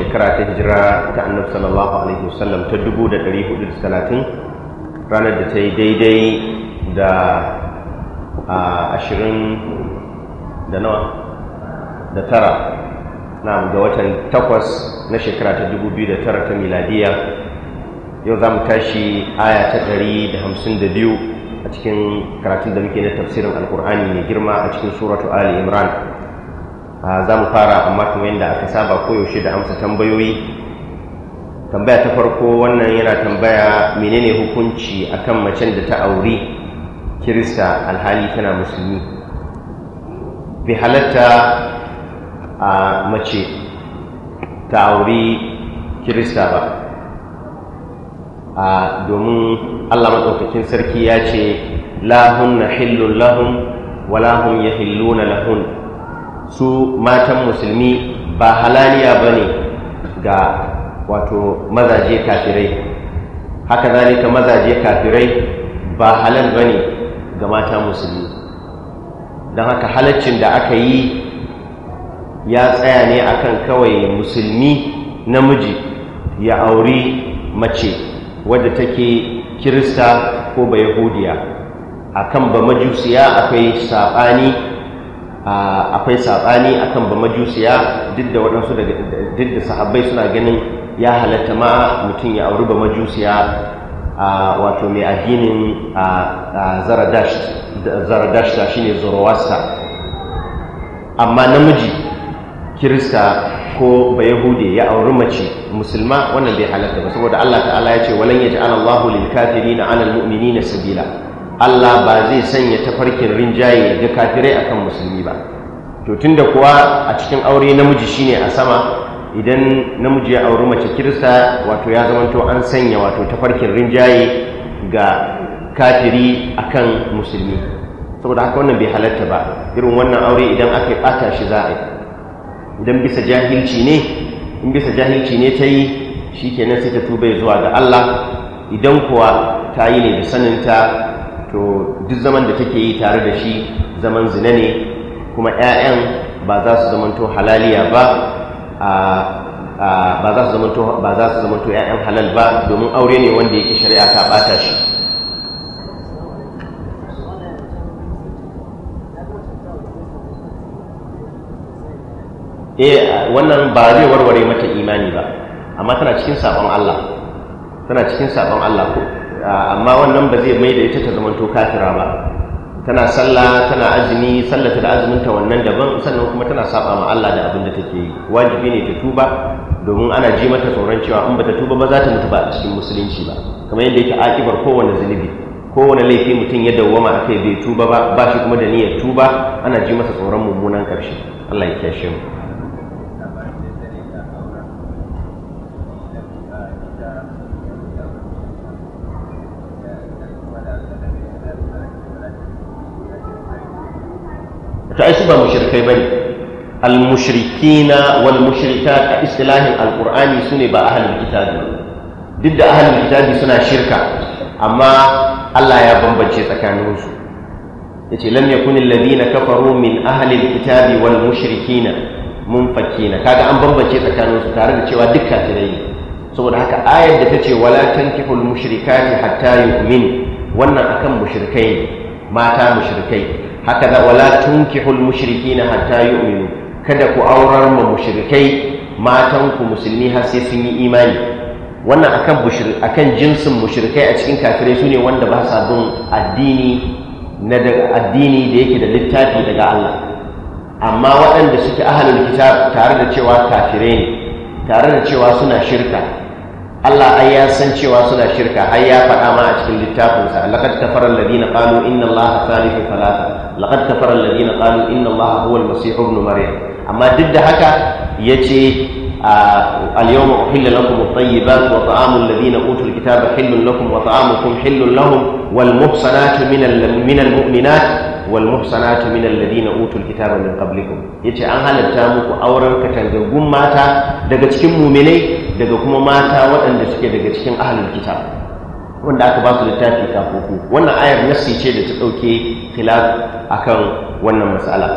shekara ta hijira ta annab sallallahu alaihi wasallam ta 430 ranar da ta yi daidai da ashirin da nawa da tara na ga watan takwas na shekara ta 2009 ta miladiya yau za mu tashi aya ta 152 a cikin karatun da muke na tafsirin alkur'ani mai girma a cikin suratu ali imran Ah, za mu fara amma kuma yadda aka saba koyaushe da amsa tambayoyi tambaya ta farko wannan yana tambaya menene hukunci akan macen da ta auri kirista alhali tana musulmi bai halatta a mace ta auri kirista ba a domin allah maɗaukakin sarki ya ce lahun na hillun lahun wa lahun ya na lahun su matan musulmi ba halaliya ba ne ga wato mazaje kafirai haka zalika mazaje kafirai ba halal ba ne ga mata musulmi don haka halaccin da aka yi ya tsaya ne akan kawai musulmi namiji ya auri mace wadda take kirista ko bayahudiya akan ba majusiya akwai saɓani akwai saɓani akan ba majusiya duk da waɗansu duk da sahabbai suna ganin ya halatta ma mutum ya auri ba majusiya wato mai addinin zaradashta shine zoroasta amma namiji kirista ko ba yahude ya auri mace musulma wannan bai halatta ba saboda Allah ta'ala ya ce walan yaj'alallahu lil na 'alal na sabila Allah ba zai sanya tafarkin rinjaye ga kafirai akan musulmi ba to tunda kuwa a cikin aure namiji shine a sama idan namiji ya auri mace kirista wato ya zamanto an sanya wato tafarkin rinjaye ga kafiri akan musulmi saboda haka wannan bai halatta ba irin wannan aure idan aka bata shi za a idan bisa jahilci ne in bisa jahilci ne ta yi kenan sai ta tuba zuwa ga Allah idan kuwa ta yi ne da saninta to duk zaman da take yi tare da shi zaman zina ne kuma 'ya'yan ba za su zamanto halaliya ba ba za su zamanto ba za su 'ya'yan halal ba domin aure ne wanda yake shari'a ta bata shi eh wannan ba zai warware mata imani ba amma tana cikin sabon Allah tana cikin sabon Allah ko amma wannan ba zai mai da ita ta zamanto kafira ba tana sallah tana azumi ta da azuminta wannan daban sannan kuma tana saba ma Allah da abin da take yi wajibi ne ta tuba domin ana ji mata tsoron cewa in bata tuba ba za ta mutu ba a cikin musulunci ba kamar yadda yake akibar kowane zunubi kowane laifi mutum ya dawwama akai bai tuba ba ba shi kuma da niyyar tuba ana ji masa tsoron mummunan karshe Allah ya kyashe mu to ai su ba mushrikai bane al-mushrikina wal mushrikat a istilahin al-qur'ani sune ba ahlul kitabi duk da ahlul kitabi suna shirka amma Allah ya bambance tsakaninsu yace lam yakunil ladina kafaru min ahlil kitabi wal mushrikina munfakina kaga an bambance tsakanin su tare da cewa duk kafirai saboda haka ayar da tace wala tankihul mushrikati hatta yu'min wannan akan mushrikai mata mushrikai haka da wala tunkihul mushrikina hatta yu'minu kada ku aurar ma mushrikai matan ku musulmi har sai sun yi imani wannan akan mushrik akan jinsin mushrikai a cikin kafirai sune wanda ba sa bin addini na addini da yake da littafi daga Allah amma waɗanda suke ahalul kitab tare da cewa kafirai ne tare da cewa suna shirka Allah ai ya san cewa suna shirka har ya faɗa ma a cikin littafinsa laqad kafara alladhina qalu inna allaha thalithu thalatha laqad kafara alladhina qalu inna allaha huwa almasih ibn maryam amma duk da haka yace al-yawma uhilla lakum at-tayyibat wa ta'amu alladhina utul kitaba hillun lakum wa ta'amukum hillun lahum wal muhsanatu min al-mu'minat wal muhsanatu min alladhina utul kitaba min qablikum yace an halatta muku auren katangagun mata daga cikin muminai daga kuma mata waɗanda suke daga cikin ahlul kitab wanda aka ba su littafi kafofu wannan ayar nassi ce da ta dauke khilaf akan wannan matsala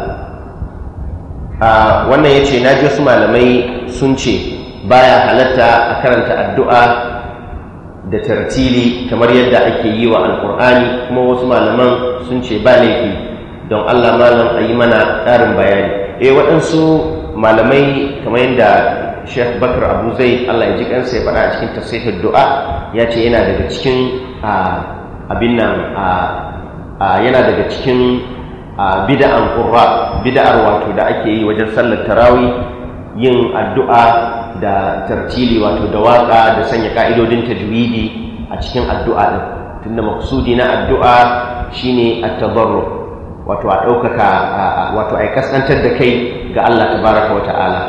wannan yace na ji wasu malamai sun ce baya halatta a karanta addu'a da tartili kamar yadda ake yi wa alkur'ani kuma wasu malaman sun ce ba laifi don allah malam a yi mana ƙarin bayani eh waɗansu malamai kamar yadda sheikh bakar abu zai allah ya ji ƙansa ya faɗa a cikin tafsirin du'a ya ce yana daga cikin abin nan yana daga cikin bida'an ƙura bida'ar wato da ake yi wajen sallar tarawi. yin addu'a da tartili wato da waƙa da sanya ƙa'idodin tajwidi a cikin addu'a ɗin tunda maksudi na addu'a shine a tabarro wato a ɗaukaka wato a kaskantar da kai ga Allah tabaraka wa ta'ala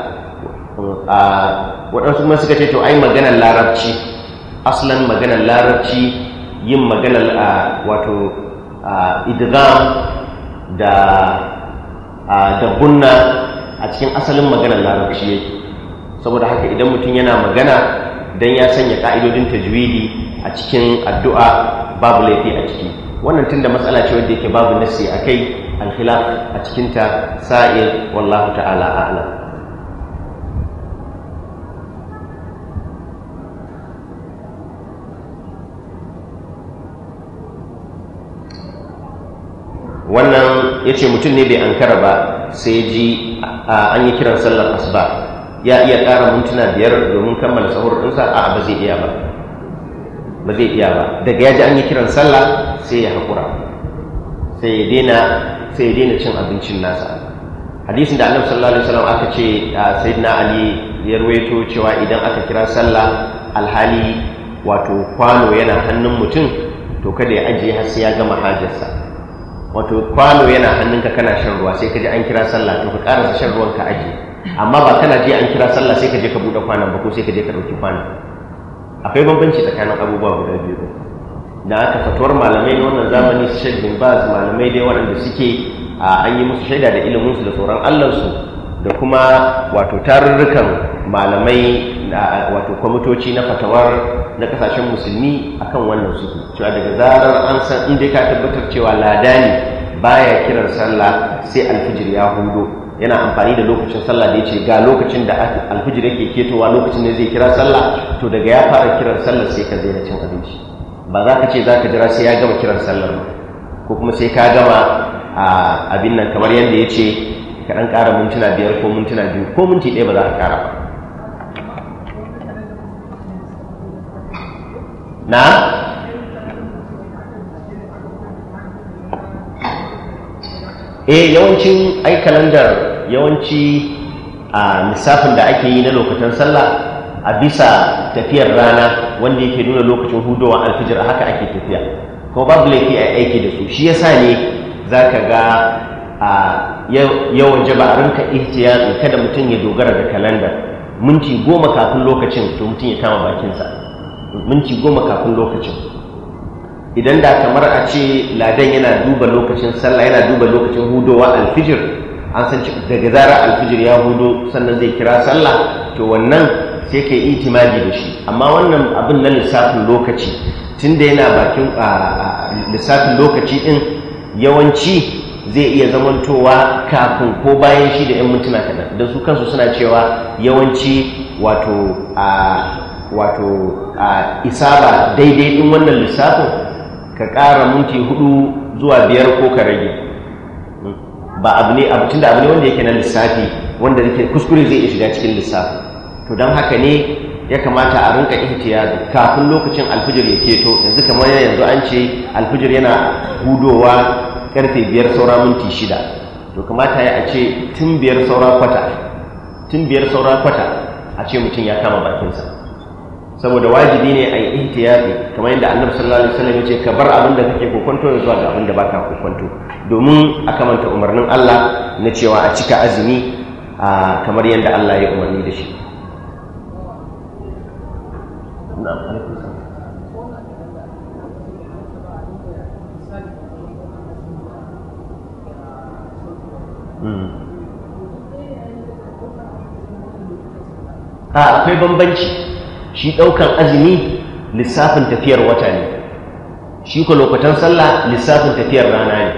waɗansu kuma suka ce to ai maganar larabci aslan maganar larabci yin maganar wato idgham da da gunna a cikin asalin maganar larabci yake saboda haka idan mutum yana magana don ya sanya ka'idodin tajwidi a cikin addu'a babu laifi a ciki wannan tunda matsala ce wanda yake babu nasi a kai alkhila a cikinta sa'il wallahu ta'ala ala. wannan ya ce mutum ne bai ankara ba sai ji an yi kiran sallar asuba ya iya ƙara mintuna biyar domin kammala sahur ɗinsa a ba zai iya ba ba zai iya ba daga ya ji an yi kiran sallah sai ya haƙura sai ya daina cin abincin nasa hadisin da annabi sallallahu alaihi wasallam aka ce sayyidina ali ya ruwaito cewa idan aka kira sallah alhali wato kwano yana hannun mutum to kada ya ajiye har sai ya gama hajarsa wato kwano yana hannunka kana shan ruwa sai ka ji an kira sallah to ka karasa shan ruwan ka aje amma ba kana ji an kira sallah sai ka je ka bude kwanan ba ko sai ka je ka dauki kwano. akwai bambanci tsakanin abubuwa guda biyu da aka fatuwar malamai na wannan zamani su shaid ba su malamai dai waɗanda suke a an yi musu shaida da iliminsu da tsoron allansu da kuma wato tarurrukan malamai wato kwamitoci na fatawar na kasashen musulmi akan wannan suke cewa daga zarar an san inda ka tabbatar cewa lada ne baya kiran sallah sai alfijir ya hudu yana amfani da lokacin sallah da ya ce ga lokacin da alfijir yake ketowa lokacin da zai kira sallah to daga ya fara kiran sallah sai ka daina cin abinci ba za ka ce za ka jira sai ya gama kiran sallar ba ko kuma sai ka gama abin nan kamar yadda ya ce ka ɗan ƙara mintuna biyar ko mintuna biyu ko minti ɗaya ba za ka ƙara ba na eh yawancin ai kalandar yawanci a lissafin da ake yi na lokacin sallah a bisa tafiyar rana wanda yake nuna lokacin hudowar alfijir haka ake tafiya kuma babu laifi a aiki da su shi ya sa ne za ka ga a yawan jaba a rinka kada mutum ya dogara da kalandar minti goma kafin lokacin to mutum ya kama bakinsa minti goma kafin lokacin idan da kamar a ce ladan yana duba lokacin sallah yana duba lokacin hudowa alfijir an san daga zarar alfijir ya hudo sannan zai kira sallah to wannan sai ka yi itimadi da shi amma wannan abin na lissafin lokaci tunda yana bakin lissafin lokaci din yawanci zai iya zamantowa kafin ko bayan shi da 'yan mintuna kaɗan don su kansu suna cewa yawanci wato a wato a isaba daidai ɗin wannan lissafin ka ƙara minti hudu zuwa biyar ko ka rage ba abu ne abu da abu ne wanda yake na lissafi wanda yake kuskure zai iya shiga cikin lissafi to don haka ne ya kamata a rinka ihtiyazi kafin lokacin alfijir ya keto yanzu kamar yanzu an ce alfijir yana hudowa karfe biyar saura minti shida to kamata ya ce tun biyar saura kwata tun biyar saura kwata a ce mutum ya kama bakinsa saboda wajibi ne a yi ihtiyazi kamar yadda annabi sallallahu alaihi wasallam yace ka bar abin da kake kokonto zuwa ga abin da baka kokonto domin a kamanta umarnin Allah na cewa a cika azumi kamar yadda Allah ya umarni da shi a hmm. ah, akwai bambanci shi ɗaukan azumi lissafin tafiyar wata ne shi ko lokutan sallah lissafin tafiyar rana ne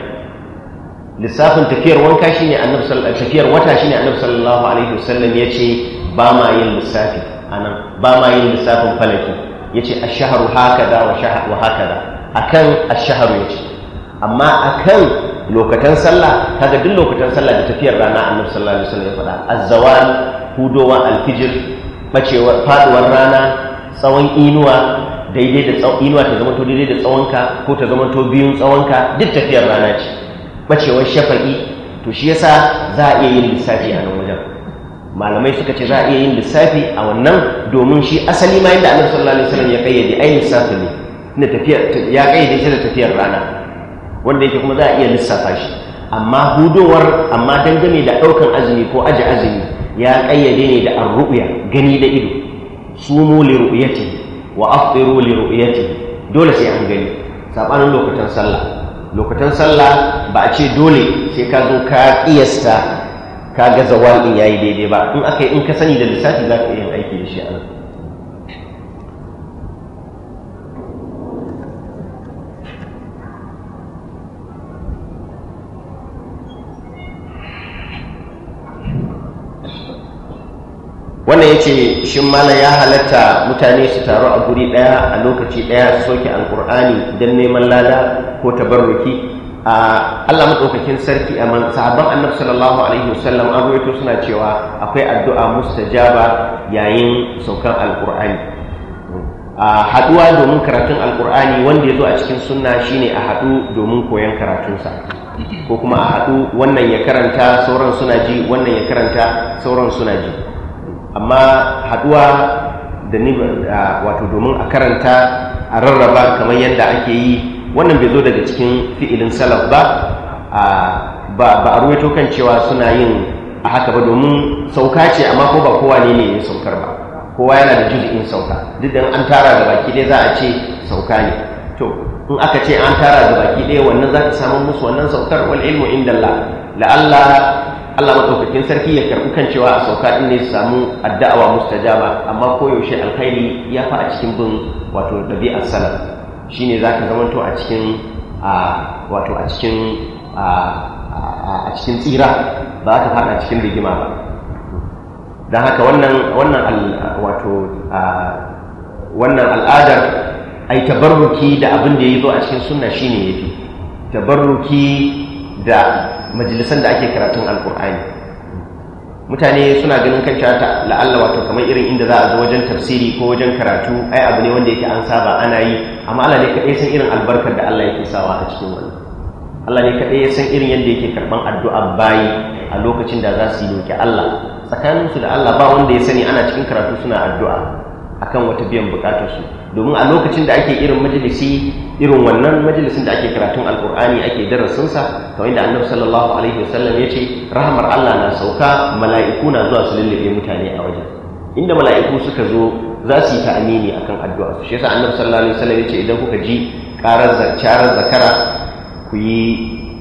lissafin tafiyar wanka shine annabi tafiyar wata shine annabi sallallahu alaihi wasallam yace ba ma yin lissafi anan ba ma yin lissafin falaki yace ash-shahru hakada wa a kan a ash-shahru ce. amma a kan lokutan sallah kaga duk lokutan sallah da tafiyar rana annabi sallallahu alaihi wasallam ya faɗa az-zawal hudowa al Macewar faduwar rana tsawon inuwa daidai da tsawon inuwa ta zama to daidai da tsawonka ko ta zama to biyun tsawonka duk tafiyar rana ce Macewar shafaki to shi yasa za a iya yin lissafi a nan wajen malamai suka ce za a iya yin lissafi a wannan domin shi asali ma yadda annabi sallallahu alaihi wasallam ya kayyade ai lissafi ne na tafiyar ya kayyade shi da tafiyar rana wanda yake kuma za a iya lissafa shi amma hudowar amma dangane da daukan azumi ko aje azumi ya ƙayyade ne da an ruɓiya gani da ido sumu li ru'yati wa afṭiru li ru'yati dole sai an gani saɓanin lokutan sallah lokutan sallah ba a ce dole sai ka zo ka ƙiyasta ka ga zawal ya yayi daidai ba in aka yi in ka sani da lissafi za ka iya aiki da shi a nan wannan ya ce shi mala ya halatta mutane su taru a guri ɗaya a lokaci ɗaya su soke alkur'ani don neman lada ko tabarruki a allah maɗaukakin sarki a man sahabban annabi sallallahu alaihi wasallam an rawaito suna cewa akwai addu'a mustajaba yayin saukan alkur'ani a haɗuwa domin karatun alkur'ani wanda ya zo a cikin sunna shine a hadu domin koyon karatunsa ko kuma a haɗu wannan ya karanta sauran suna ji wannan ya karanta sauran suna ji amma haduwa da ni wato domin a karanta a rarraba kamar yadda ake yi wannan bai zo daga cikin fi'ilin salaf ba ba a ruwaito kan cewa suna yin a haka ba domin sauka ce amma ko ba kowa ne ne ya saukar ba kowa yana da juz'in sauka duk da an tara da baki ɗaya za a ce sauka ne to in aka ce an tara da baki ɗaya wannan za ka samu musu wannan saukar wal ilmu inda la'alla Allah matsaukakin sarki ya karɓi kan cewa a sauka in ne su samu addawa mustajaba amma koyaushe alkhairi ya fa a cikin bin wato ɗabi'ar salaf shine zaka zamanto a cikin wato a cikin a cikin tsira ba ka faɗa cikin rigima ba don haka wannan wannan wato wannan al'adar ai tabarruki da abin da ya zo a cikin sunna shine yafi tabarruki da majalisan da ake karatun alkur'ani mutane suna ganin kan ta la'alla wato kamar irin inda za a zo wajen tafsiri ko wajen karatu ai abu ne wanda yake an saba ana yi amma Allah ne kaɗai san irin albarkar da Allah yake sawa a cikin wannan Allah ne kaɗai ya san irin yadda yake karɓan addu'a bayi a lokacin da za su yi roƙi Allah tsakaninsu da Allah ba wanda ya sani ana cikin karatu suna addu'a akan wata biyan su domin a lokacin da ake irin majalisi irin wannan majalisin da ake karatun alkur'ani ake darasinsa kamar wanda annabi sallallahu alaihi wasallam ya ce rahamar Allah na sauka mala'iku na zuwa su lullube mutane a wajen inda mala'iku suka zo za su yi ta amini akan addu'a shi yasa annabu sallallahu alaihi wasallam ya ce idan kuka ji karar zakara ku yi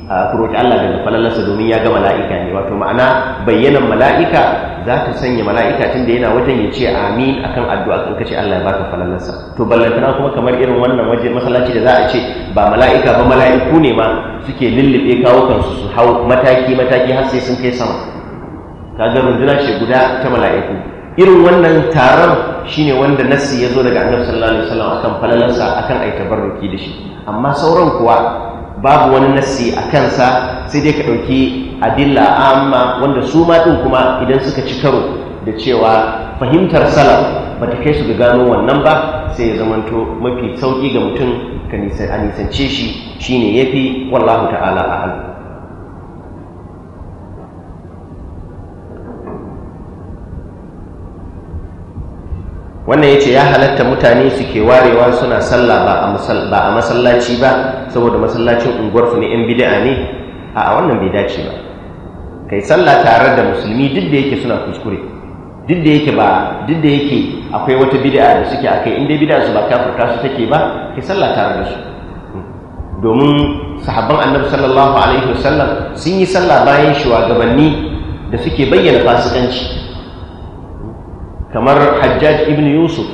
Ah, ku roki Allah daga falalarsa domin ya ga mala'ika ne wato ma'ana bayyanan mala'ika za ta sanya mala'ika tun da yana wajen ya ce amin akan addu'a kan kace Allah ya baka falalarsa to ballantana kuma kamar irin wannan waje masallaci da za a ce ba mala'ika ba mala'iku ne ma suke lullube kawo kansu su hau mataki mataki har sai sun kai sama ga runduna ce guda ta mala'iku irin wannan taron shi ne wanda nassi ya zo daga annabi sallallahu alaihi wasallam akan falalarsa akan aita tabarruki da shi amma sauran kuwa babu wani nassi a kansa sai dai ka ɗauki adilla amma wanda su ma ɗin kuma idan suka ci karo da cewa fahimtar salaf ba ta kai su ga gano wannan ba sai ya zamanto mafi sauƙi ga mutum ka nisance shi shine fi wallahu ta'ala a hannu. wannan ya ce ya halatta mutane suke warewa suna sallah ba a masallaci ba saboda masallacin unguwarsu ne 'yan bida'a ne a wannan bai dace ba kai sallah tare da musulmi duk da yake suna kuskure duk da yake ba duk da yake akwai wata bid'a da suke akai in dai bid'a su ba kafirta su take ba kai sallah tare da su domin sahabban annabi sallallahu alaihi wasallam sun yi sallah bayan shugabanni da suke bayyana fasikanci kamar hajjaj ibn yusuf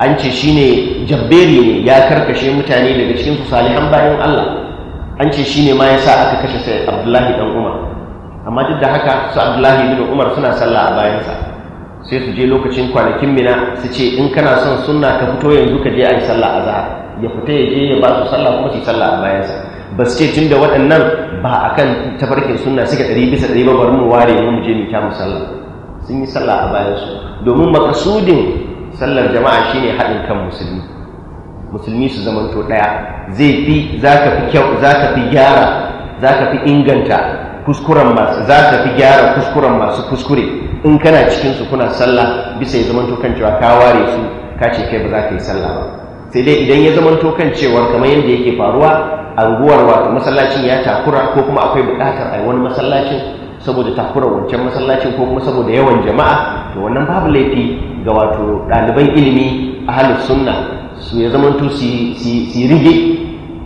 an ce shi ne jabberi ne ya karkashe mutane daga cikin su salihan bayan allah an ce shi ne ma ya sa aka kashe sai abdullahi dan umar amma duk da haka su abdullahi ibn umar suna sallah a bayansa sai su je lokacin kwanakin mina su ce in kana son sunna ka fito yanzu ka je a yi sallah a zahar ya fita ya je ya ba su sallah kuma su sallah a bayansa ba su ce tun da waɗannan ba a kan tafarkin sunna suka ɗari bisa ɗari ba bari mu ware mu je mu kyamu mu sallah sun yi sallah a bayansu domin makasudin sallar jama'a shine haɗin kan musulmi musulmi su zamanto ɗaya zai fi za ka fi kyau za ka fi gyara za ka fi inganta kuskuren masu za ka fi gyara kuskuren masu kuskure in kana cikinsu kuna sallah bisa ya zamanto kan cewa ka ware su ka ce kai ba za ka yi sallah ba sai dai idan ya zamanto kan cewa kamar yadda yake faruwa anguwar wato masallacin ya takura ko kuma akwai buƙatar a wani masallacin saboda takurar wancan masallacin ko kuma saboda yawan jama'a to wannan babu laifi ga wato ɗaliban ilimi a halin sunna su ya zamanto su rige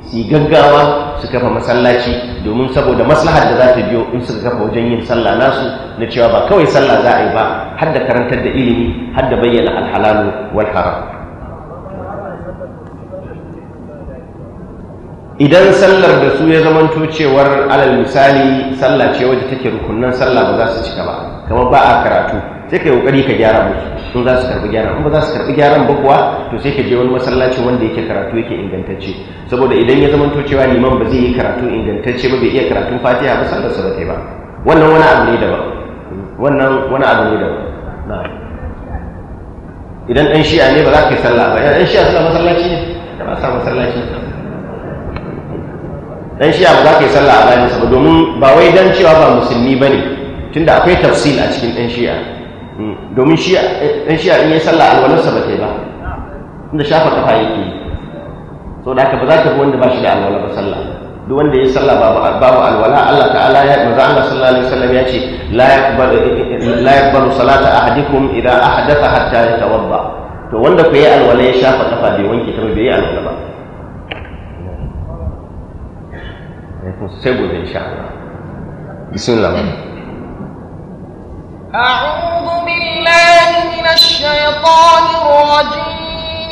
su gaggawa su kafa masallaci domin saboda maslahar da za ta biyo in suka kafa wajen yin sallah nasu na cewa ba kawai sallah za a yi ba har da karantar da ilimi har da bayyana alhalalu wal haram idan sallar da su ya zamanto cewar alal misali sallah ce wadda take rukunnan sallah ba za su cika ba kamar ba a karatu sai ka yi kokari ka gyara musu sun za su karbi gyara, in ba za su karbi gyaran ba kuwa to sai ka je wani masallaci wanda yake karatu yake ingantacce saboda idan ya zamanto cewa liman ba zai yi karatu ingantacce ba bai iya karatun fatiha ba sa ba ta yi ba wannan wani abu ne daban wannan wani abu ne daban idan dan shi'a ne ba za ka yi sallah ba idan shi'a suna masallaci ne ba sa masallaci dan shi ba za ka yi sallah a bayan ba domin ba wai dan cewa ba musulmi bane tunda akwai tafsil a cikin dan shi'a hmm, domin shi dan shi'a in yi sallah alwalarsa ba ta ba tunda shafa kafa yake yi sau da haka ba za ka bi wanda ba shi da alwala ba sallah duk wanda ya sallah babu alwala Allah ta'ala ya maza Allah sallallahu alaihi wasallam ya ce la yaqbalu la yaqbalu salata ahadikum idza ahdatha hatta yatawadda to wanda ku yi alwala ya shafa kafa bai wanke ta bai yi alwala ba نتمسكوا ان شاء الله بسم الله أعوذ بالله من الشيطان الرجيم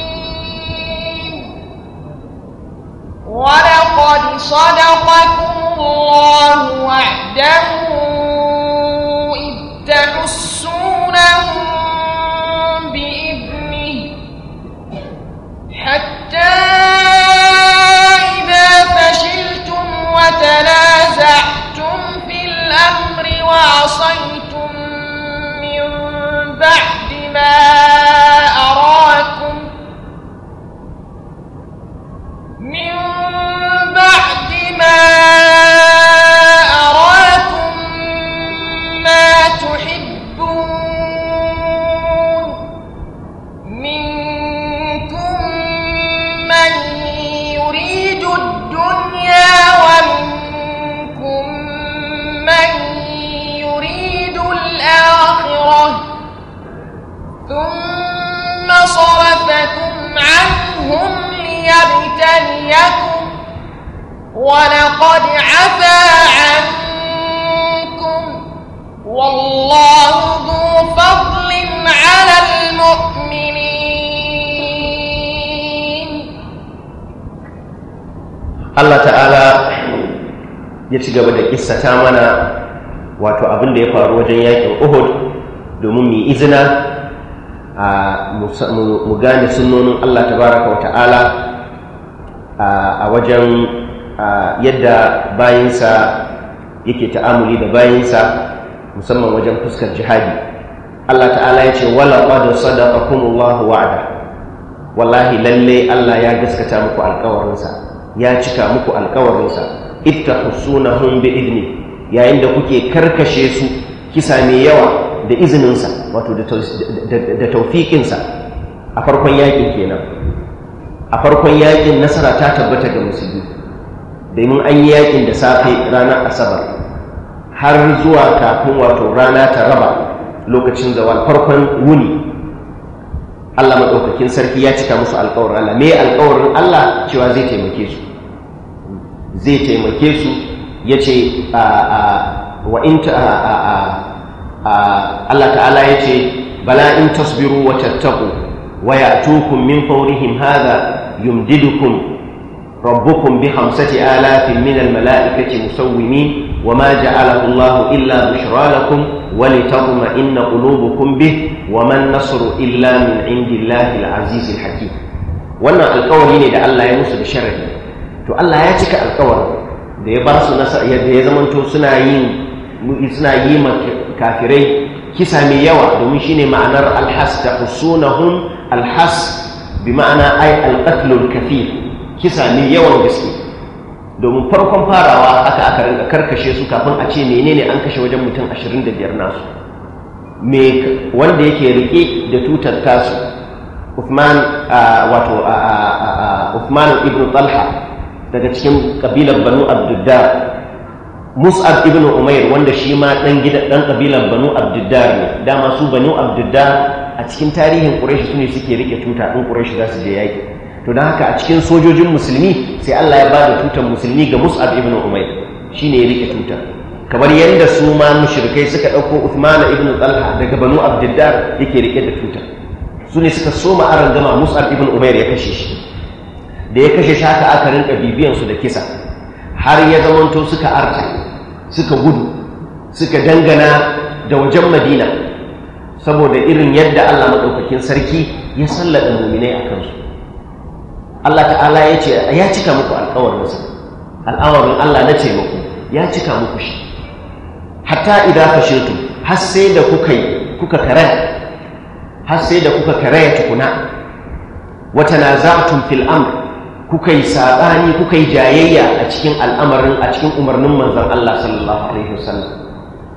ولقد صدقكم الله وعده إذ تحسونه تنازعتم في الأمر وعصيتم من بعد ما يكن ولقد عفى عنكم والله ذو فضل على المؤمنين الله تعالى ya ci gaba da kissata mana wato abin da ya faru wajen yakin Uhud domin mu izina a mu gane sunnonin Allah tabaraka wa ta'ala a wajen yadda bayansa yake ta'amuli da bayansa musamman wajen fuskar jihadi Allah ta'ala ya ce wala qad sadaqakumullahu wa'ada wallahi lalle Allah ya gaskata muku alƙawarinsa ya cika muku alƙawarinsa ittahsunahum bi idni yayin da kuke karkashe su kisa mai yawa da izininsa wato da taufiƙinsa a farkon yakin kenan a farkon yakin nasara ta tabbata ga musulmi domin an yi yakin da safe ranar asabar har zuwa kafin wato rana ta raba lokacin zawal farkon wuni Allah maɗaukakin sarki ya cika musu alƙawarin Allah me alƙawarin Allah cewa zai taimake su zai taimake su ya ce wa Allah ta'ala ya ce bala in tasbiru wa tattaku wa tukun min faurihim haza يمددكم ربكم بخمسة آلاف من الملائكة مسومين وما جعله الله إلا بشرى لكم ولتطمئن قلوبكم به وما النصر إلا من عند الله العزيز الحكيم wannan alkawari ne da Allah ya musu da sharadi to Allah ya cika alkawarin da ya ba su nasa da ya zamanto suna yin suna yi ma kafirai kisa mai yawa domin shine ma'anar alhas ta usunahum alhas bi ma'ana ai alƙatlul kafir kisa ne yawan gaske domin farkon farawa aka aka rinka karkashe su kafin a ce menene an kashe wajen mutum 25 nasu me wanda yake rike da tutar tasu Uthman wato Uthman ibn Talha daga cikin kabilar Banu Abduddar Mus'ab ibn Umair wanda shi ma dan gidan dan kabilar Banu Abduddar ne dama su Banu Abduddar a cikin tarihin ƙurashi su ne suke rike tuta ɗin ƙurashi za su je yaƙi to don haka a cikin sojojin musulmi sai Allah ya ba da tutan musulmi ga Mus'ab ibn umar shi ne ya rike tuta kamar yadda su ma mushrikai suka ɗauko Uthman ibn Talha daga Banu Abdiddar yake rike da tuta su ne suka so aron gama Mus'ab ibn Umair ya kashe shi da ya kashe shi haka aka rinka bibiyan su da kisa har ya zamanto suka arta suka gudu suka dangana da wajen Madina saboda irin yadda Allah maɗaukakin sarki ya sallaka muminai a kansu Allah ta'ala ya ce ya cika muku alƙawarinsa al'awarin Allah na taimako ya cika muku shi hatta idan ka shirtu har sai da kuka kuka kare har sai da kuka ya tukuna wa tanaza'tum fil amr kuka yi saɓani kuka yi jayayya a cikin al'amarin a cikin umarnin manzon Allah sallallahu alaihi wasallam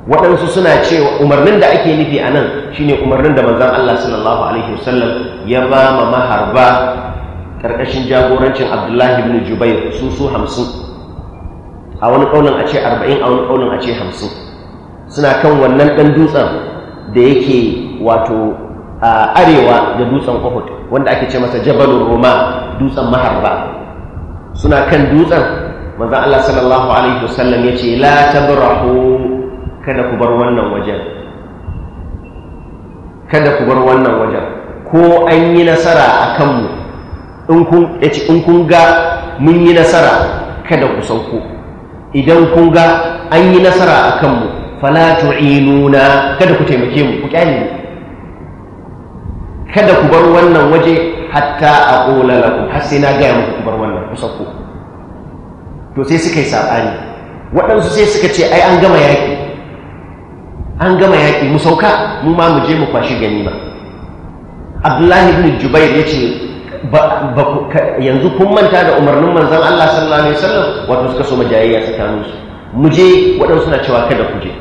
waɗansu suna cewa umarnin da ake nufi a nan shine umarnin da manzan Allah sallallahu alaihi wasallam ya ba ma maharba ƙarƙashin jagorancin Abdullahi bin Jubair su su hamsin a wani ƙaunin a ce arba'in a wani ƙaunin a ce hamsin suna kan wannan ɗan dutsen da yake wato a arewa da dutsen Uhud wanda ake ce masa jabalin Roma dutsen maharba suna kan dutsen manzan Allah sallallahu alaihi wasallam ya ce la tabrahu kada ku bar wannan wajen kada ku bar wannan wajen ko an yi nasara a kanmu in kun ga mun yi nasara kada ku sauko idan kun ga an yi nasara a kanmu falatu inuna kada ku taimake mu ku kyale mu kada ku bar wannan waje hatta a ƙola laku har sai na gaya muku ku bar wannan ku sauko to sai suka yi saɓani waɗansu sai suka ce ai an gama yaƙi an gama yaƙi mu sauka mu ma mu je mu kwashi ba. abdullahi ibn jubair ya ce yanzu kun manta da umarnin manzan Allah sallallahu alaihi wasallam wato suka so majayayya tsakanin su mu je waɗansu na cewa kada ku je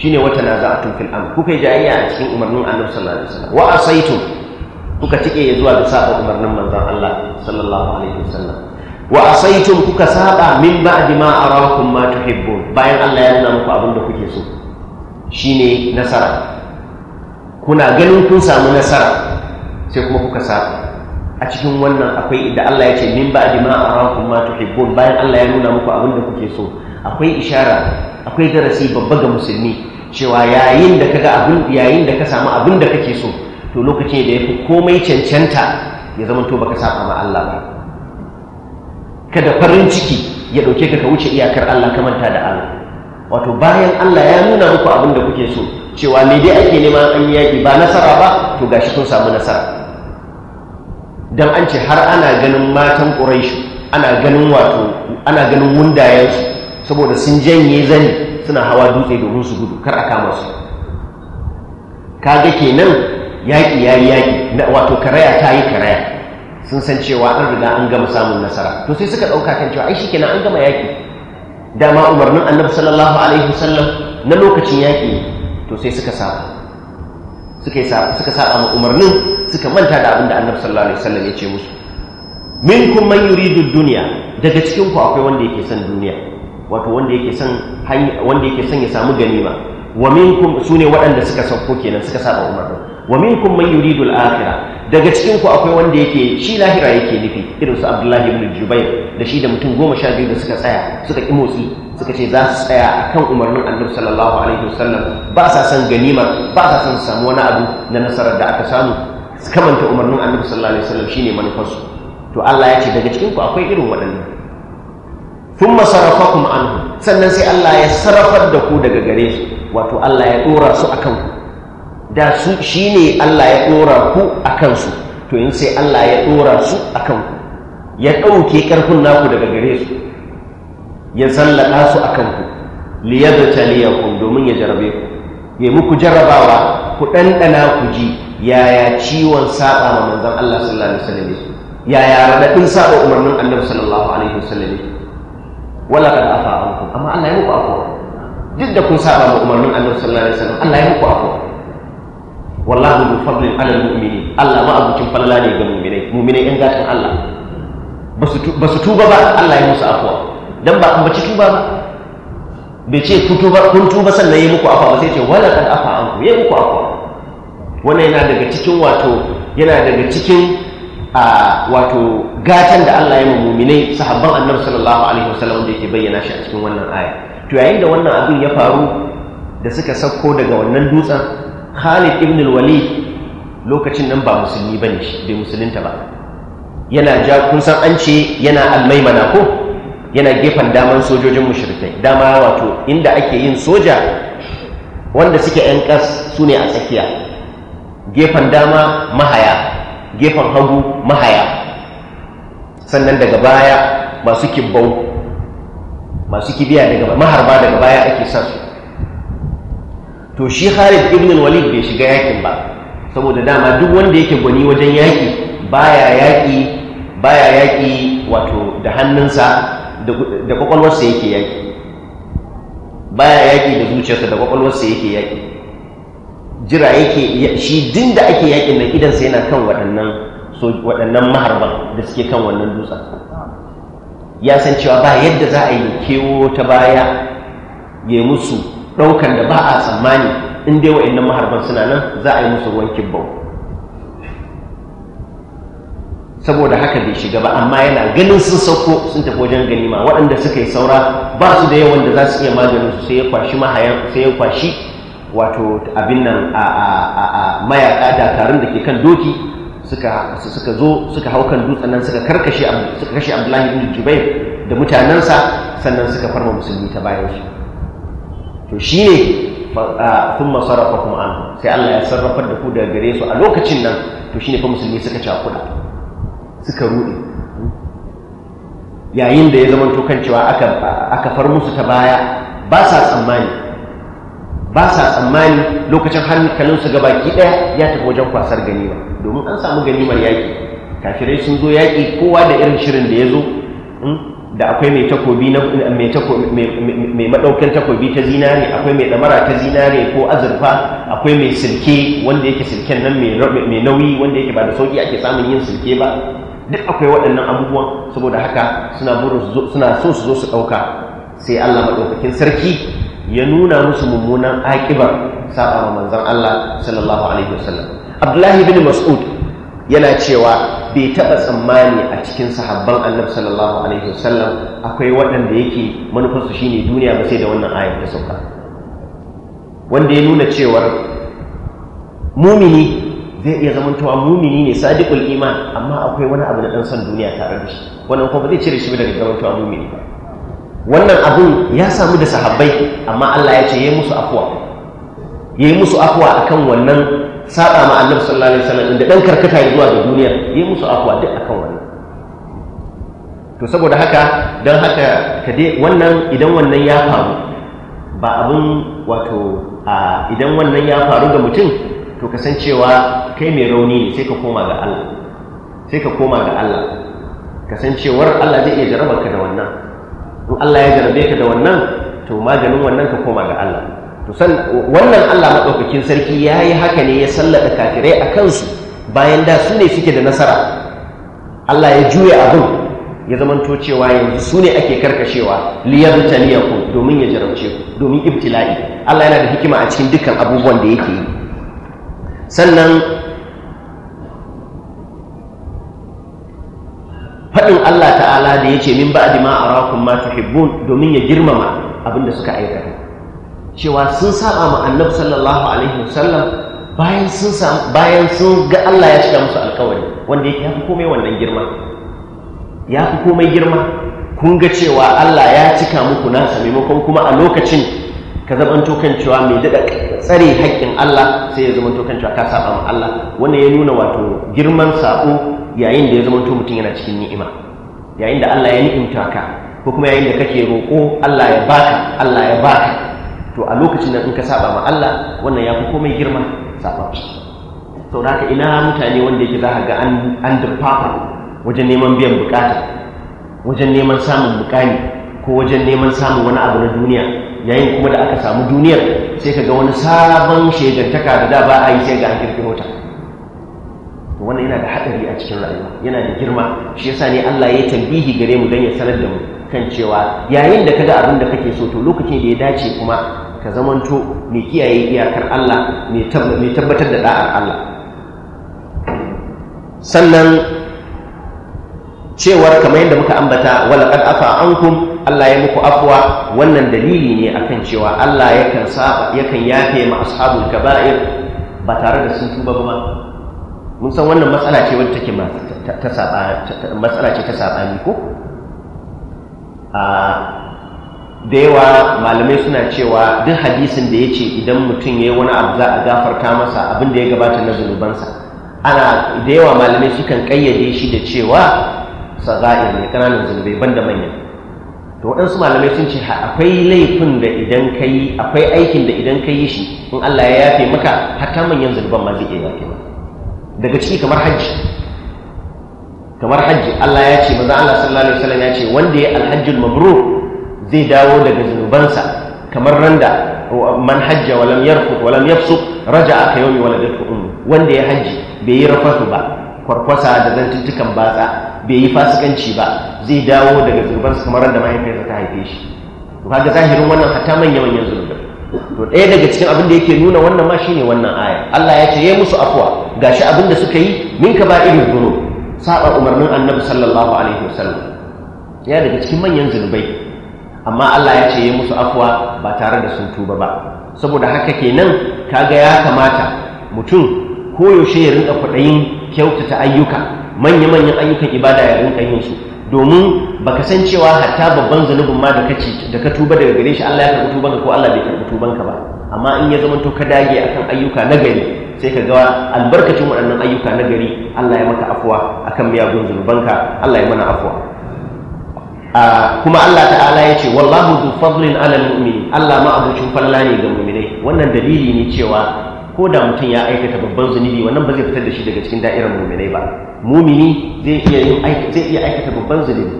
shine wata naza'atun fil am kuka yi jayayya a cikin umarnin Annabi sallallahu alaihi wasallam wa asaitum kuka cike zuwa da saba umarnin manzan Allah sallallahu alaihi wasallam wa kuka saba min ba'di ma arakum ma tuhibbun bayan Allah ya nuna muku abin da kuke so Shi ne nasara kuna ganin kun samu nasara sai kuma kuka sa a cikin wannan akwai da Allah ya ce min ba a arakum ma tuhibbun bayan Allah ya nuna muku abin da kuke so akwai ishara akwai darasi babba ga musulmi cewa yayin da ka samu abin da kake so to lokacin da ya fi komai cancanta ya zama to baka saba ma Allah ba kada farin ciki ya dauke ka ka wuce iyakar Allah ka manta da Allah wato bayan Allah ya nuna muku abin da kuke so cewa me dai ake nema an yaki ba nasara ba to gashi kun samu nasara dan an ce har ana ganin matan Quraysh ana ganin wato ana ganin wundayensu saboda sun janye zani suna hawa dutse domin su gudu kar a kama su kaga kenan yaƙi ya yi wato karaya ta yi karaya sun san cewa an riga an gama samun nasara to sai suka ɗauka kan cewa ai shi kenan an gama yaki dama umarnin annabi sallallahu alaihi wasallam na lokacin yaƙi to sai suka saba suka suka saba ma umarnin suka manta da abin da annabi sallallahu alaihi wasallam ya ce musu minkum man yuridu dunya daga cikin ku akwai wanda yake son duniya wato wanda yake son wanda yake son ya samu ganima wa minkum sune waɗanda suka sauko kenan suka saba umarnin wa minkum man yuridu al-akhirah daga cikin ku akwai wanda yake shi lahira yake nufi irin su abdullahi ibn jubair da shi da mutum goma sha biyu da suka tsaya suka ki motsi suka ce za su tsaya kan umarnin annabi sallallahu alaihi wasallam ba sa san ganima ba sa san samu wani abu na nasarar da aka samu kamanta umarnin annabi sallallahu alaihi wasallam shine manufarsu to Allah ya ce daga cikin ku akwai irin waɗannan thumma sarafakum anhu sannan sai Allah ya sarrafar da ku daga gare su wato Allah ya dora su akan ku da su shi ne Allah ya ɗora ku a kansu to in sai Allah ya ɗora su a kanku ya ɗauke ƙarfin naku daga gare su ya sallaka su a kanku liyabtaliyakum domin ya jarabe ku ya muku jarabawa ku ɗanɗana ku ji yaya ciwon saɓa ma manzon Allah sallallahu alaihi wasallam yaya raɗaɗin saɓa umarnin annabi sallallahu alaihi wasallam wala kad afa ankum amma Allah ya muku afuwa duk da kun saɓa ma umarnin annabi sallallahu alaihi wasallam Allah ya muku afuwa wallahu bi fadlin ala mu'minin Allah ma abucin falala ne ga mu'minai mu'minai yan gashin Allah ba su tuba ba Allah ya musu afuwa dan ba baci tuba ba bai ce ku tuba kun tuba sannan yayi muku afuwa ba sai ce wala kad afa an ku yayi muku afuwa wannan yana daga cikin wato yana daga cikin a wato gatan da Allah ya yi mu'minai sahabban Annabi sallallahu alaihi wasallam da yake bayyana shi a cikin wannan aya to yayin da wannan abin ya faru da suka sauko daga wannan dutsen khalid ibn al walid lokacin nan ba musulmi ba ne bai musulunta ba yana ja kun san an ce yana almaimana ko yana gefen daman sojojin mushrikai dama wato inda ake yin soja wanda suke 'yan kas su ne a tsakiya gefen dama mahaya gefen hagu mahaya sannan daga baya masu kibbau masu kibiya daga maharba daga baya ake sa to shi Khalid ibn al-Walid bai shiga yakin ba saboda dama duk wanda yake gwani wajen yaki baya yaki baya yaki wato da hannunsa da kwakwalwarsa yake yaki baya yaki da zuciyarsa da kwakwalwarsa yake yaki jira yake shi din da ake yakin nan idansa yana kan waɗannan waɗannan maharban da suke kan wannan dutsen ya san cewa ba yadda za a yi kewo ta baya ya musu ɗaukan da ba a tsammani in dai inda maharban suna nan za a yi musu ruwan kibbau saboda haka bai shiga ba amma yana ganin sun sauko sun tafi wajen ganima waɗanda suka yi saura ba su da yawan da za su iya maganin su sai ya kwashi mahayan sai ya kwashi wato abin nan a mayaƙa tarin da ke kan doki suka zo suka hau kan dutsen nan suka karkashe suka kashe Abdullahi ibn Jubair da mutanensa sannan suka farma musulmi ta bayan shi to shi ne sun masarafa kuma an sai Allah ya sarrafar da ku daga gare su a lokacin nan to shi ne fa musulmi suka cakuda suka rude yayin da ya zama tokan kan cewa aka far musu ta baya ba sa tsammani ba sa tsammani lokacin hankalin su baki daya ya tafi wajen kwasar ganima domin an samu ganimar yaki kafirai sun zo yaki kowa da irin shirin da ya zo hmm? da akwai mai takobi na mai madaukar takobi ta zinare akwai mai damara ta zinare ko azurfa akwai mai silke wanda yake silken nan mai nauyi wanda yake ba da sauki ake samun yin silke ba duk akwai waɗannan abubuwan saboda haka suna suna so su zo su ɗauka sai Allah madaukakin sarki ya nuna musu mummunan aƙibar saba wa manzon Allah sallallahu alaihi wasallam Abdullahi bin Mas'ud yana cewa bai taɓa tsammani a cikin sahabban annabi sallallahu alaihi wasallam akwai waɗanda yake manufarsu shine duniya ba sai da wannan ayar ta sauka wanda ya nuna cewar mumini zai iya zamantowa mumini ne sadiqul iman amma akwai wani abu na dan son duniya tare da shi wannan kuma zai cire shi daga tawa mumini ba wannan abun ya samu da sahabbai amma Allah ya ce yayi musu afwa yayi musu afwa akan wannan saba ma annabi sallallahu alaihi wasallam inda dan karkata zuwa ga duniya yi musu afwa duk akan wannan to saboda haka don haka ka dai wannan idan wannan ya faru ba abin wato a idan wannan ya faru ga mutum to kasancewa kai mai rauni ne sai ka koma ga Allah sai ka koma ga Allah kasancewar Allah zai iya jarabarka da wannan in Allah ya jarabe ka da wannan to maganin wannan ka koma ga Allah to wannan Allah madaukakin sarki yayi haka ne ya sallada kafirai a kansu bayan da su ne suke da nasara Allah ya juya abin ya zamanto cewa yanzu su ne ake karkashewa liyabtaliyakum domin ya jarabce ku domin ibtila'i Allah yana da hikima a cikin dukkan abubuwan da yake yi sannan faɗin Allah ta'ala da ya ce min ba'di ma arakum ma tuhibbun domin ya girmama abin da suka aikata cewa sun saba ma annabi sallallahu alaihi wasallam bayan sun bayan sun ga Allah ya cika musu alkawari wanda yake ya fi komai wannan girma ya fi komai girma kun ga cewa Allah ya cika muku nasa maimakon kuma a lokacin ka zamanto kan cewa mai daɗa tsare haƙƙin Allah sai ya zamanto kan cewa ka saba ma Allah wannan ya nuna wato girman sabo yayin da ya zamanto mutum yana cikin ni'ima yayin da Allah ya ni'imta ka ko kuma yayin da kake roƙo Allah ya baka Allah ya baka to a lokacin da in ka saba ma Allah wannan ya fi komai girma saba sau da haka ina mutane wanda yake za a ga an wajen neman biyan bukata wajen neman samun bukani ko wajen neman samun wani abu na duniya yayin kuma da aka samu duniyar sai ka ga wani sabon shaidantaka da da ba a yi sai ga an kirkiro ta to wannan yana da haɗari a cikin rayuwa yana da girma shi yasa ne Allah ya tambihi gare mu dan ya sanar da mu kan cewa yayin da kaga abin da kake so to lokacin da ya dace kuma ka zamanto mai kiyaye iyakar Allah mai tabbatar da da'ar Allah sannan cewar kamar yadda muka ambata wala walaƙad afa ankum Allah ya muku afwa wannan dalili ne akan cewa Allah yakan yafe ma ashabul kaba'ir ba tare da sun tuba ba mun san wannan matsala ce wadda take matsala ce ta saɓani ko da yawa malamai suna cewa duk hadisin da ya ce idan mutum ya yi wani abu za a gafarta masa abin da ya gabata na zunubansa ana da yawa malamai sukan ƙayyade shi da cewa saza'ir ne ƙananan zunubai ban da manya to waɗansu malamai sun ce akwai laifin da idan ka yi akwai aikin da idan ka yi shi in allah ya yafe maka hatta manyan zunuban ma zai iya yafe maka daga ciki kamar hajji kamar hajji Allah ya ce maza Allah sallallahu alaihi wasallam ya ce wanda ya alhajjul mabrur zai dawo daga zunubansa kamar randa man hajja wa lam walam wa lam yafsuq raja'a ka yomi waladar ummu wanda ya hajji bai yi rafasu ba kwarkwasa da zantuttukan batsa bai yi fasikanci ba zai dawo daga zunubansa kamar randa mahaifiyarsa ta haife shi to kaga zahirin wannan hatta manya manyan zunubai to ɗaya daga cikin abin da yake nuna wannan ma shine wannan aya Allah ya ce yayi musu afwa gashi abin da suka yi min ka ba irin guru saba umarnin annabi sallallahu alaihi wasallam ya daga cikin manyan zunubai amma Allah ya ce ya musu afuwa ba tare da sun tuba ba saboda haka kenan kaga ya kamata mutum koyaushe ya rinka kudayin kyautata ayyuka manya-manyan ayyukan ibada ya rinka yin su domin baka san cewa hatta babban zunubin ma da ka tuba daga gare shi Allah ya karɓi tubanka ko Allah bai karɓi tubanka ba amma in ya zama to ka dage akan ayyuka na gari sai ka gawa, albarkacin waɗannan ayyuka na gari Allah ya maka afuwa akan miyagun zunubanka Allah ya mana afuwa kuma Allah ta'ala ya ce wallahu zu fadlin ala mu'mini Allah ma abucin falla ne ga mu'minai wannan dalili ne cewa ko da mutum ya aikata babban zunubi wannan ba zai fitar da shi daga cikin da'irar mu'minai ba mu'mini zai iya aikata babban zunubi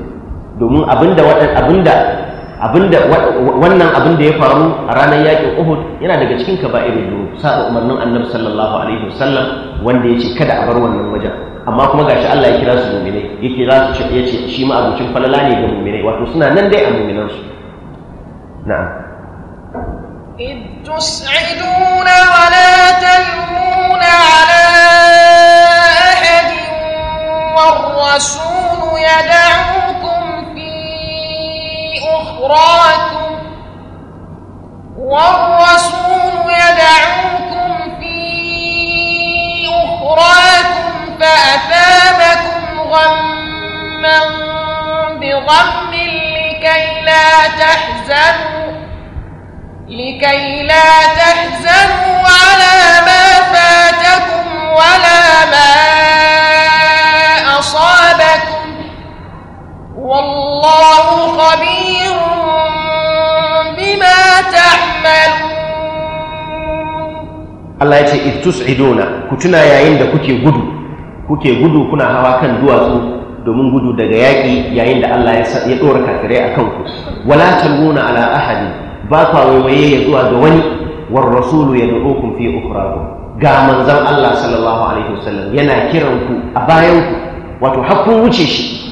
domin abinda abinda abinda wannan abin da ya faru a ranar yaƙin Uhud yana daga cikin kaba'irin duru saba umarnin Annabi sallallahu alaihi wasallam wanda yace kada a bar wannan wajen amma kuma gashi Allah ya kira su mu'mine ya kira su yace shi ma abucin falala ne ga mu'mine wato suna nan dai a mu'minan su na'am wa la tanuna ala ahadin wa والرسول yad'u أخراكم والرسول يدعوكم في أخراكم فأثابكم غما بغم لكي لا تحزنوا لكي لا تحزنوا على ما فاتكم ولا ما أصابكم والله خبير Allah ya ce na, ku tuna yayin da kuke gudu gudu kuna hawa kan duwatsu domin gudu daga yaƙi yayin da Allah ya ɗora kafirai a kanku wala talwuna ala ahadi ba kwa waiwaye ya zuwa ga wani war rasulu ya kun fi ukhrakum ga manzon Allah sallallahu alaihi wasallam yana kiran ku a bayan ku wato hakkun wuce shi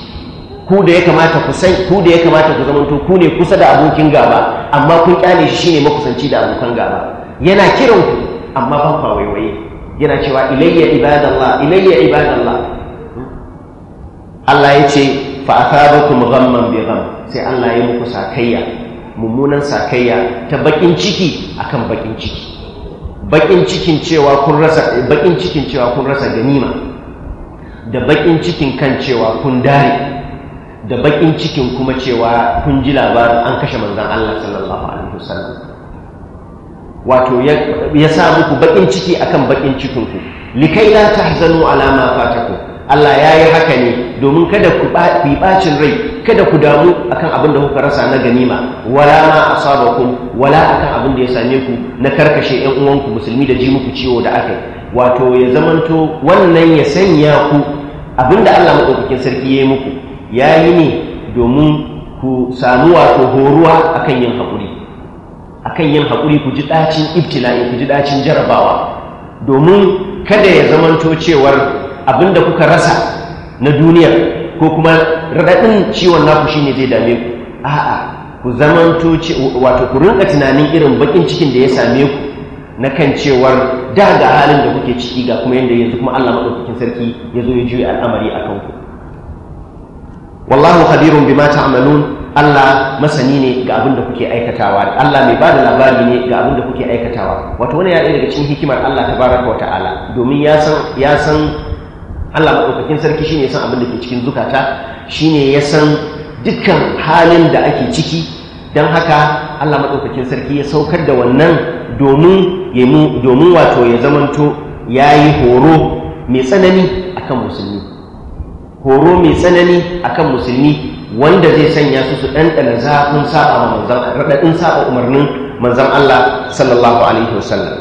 ku da ya kamata ku san ku da ya kamata ku to ku ne kusa da abokin gaba amma kun kyale shi shine makusanci da abokan gaba yana kiran ku amma ban fa waiwaye yana cewa ilayya ibadallah ilayya ibadallah Allah ya ce fa athabakum ghamman bi gham sai Allah ya muku sakayya mummunan sakayya ta bakin ciki akan bakin ciki bakin cikin cewa kun rasa bakin cikin cewa kun rasa ganima da bakin cikin kan cewa kun dare da bakin cikin kuma cewa kun ji labarin an kashe manzan Allah sallallahu alaihi wasallam wato ya sa muku bakin ciki akan bakin cikinku likai la tahzanu ala ma fataku Allah ya yi haka ne domin kada ku yi bacin rai kada ku damu akan abin da kuka rasa na ganima wala ma asabakum wala akan abin da ya same ku na karkashe yan uwanku musulmi da ji muku ciwo da aka wato ya zamanto wannan ya sanya ku abinda da Allah maɗaukakin sarki ya yi muku ya yi ne domin ku sami wato horuwa akan yin haƙuri akan yin haƙuri ku ji ɗacin ibtila'i ku ji ɗacin jarabawa domin kada ya zamanto cewar abinda kuka rasa na duniya ko kuma raɗaɗin ciwon naku shine zai dame ku a'a ku zamanto wato ku rinka tunanin irin baƙin cikin da ya same ku na kan cewar da ga halin da kuke ciki ga kuma yanda yanzu kuma Allah maɗaukakin sarki ya zo ya juya al'amari a kanku wallahu khabirun bima ta'malun Allah masani ne ga abin da kuke aikatawa Allah mai bada labari ne ga abin da kuke aikatawa wato wani ya ɗaya daga cikin hikimar Allah tabaraka wa ta'ala domin ya san ya san Allah madaukakin sarki shine ya san abin da ke cikin zukata shine ya san dukkan halin da ake ciki dan haka Allah madaukakin sarki ya saukar da wannan domin domin wato ya zamanto yayi horo mai tsanani akan musulmi horo mai tsanani akan musulmi wanda zai sanya su su ɗanɗana zafin wa manzan raɗaɗin saa umarnin manzan Allah sallallahu alaihi wasallam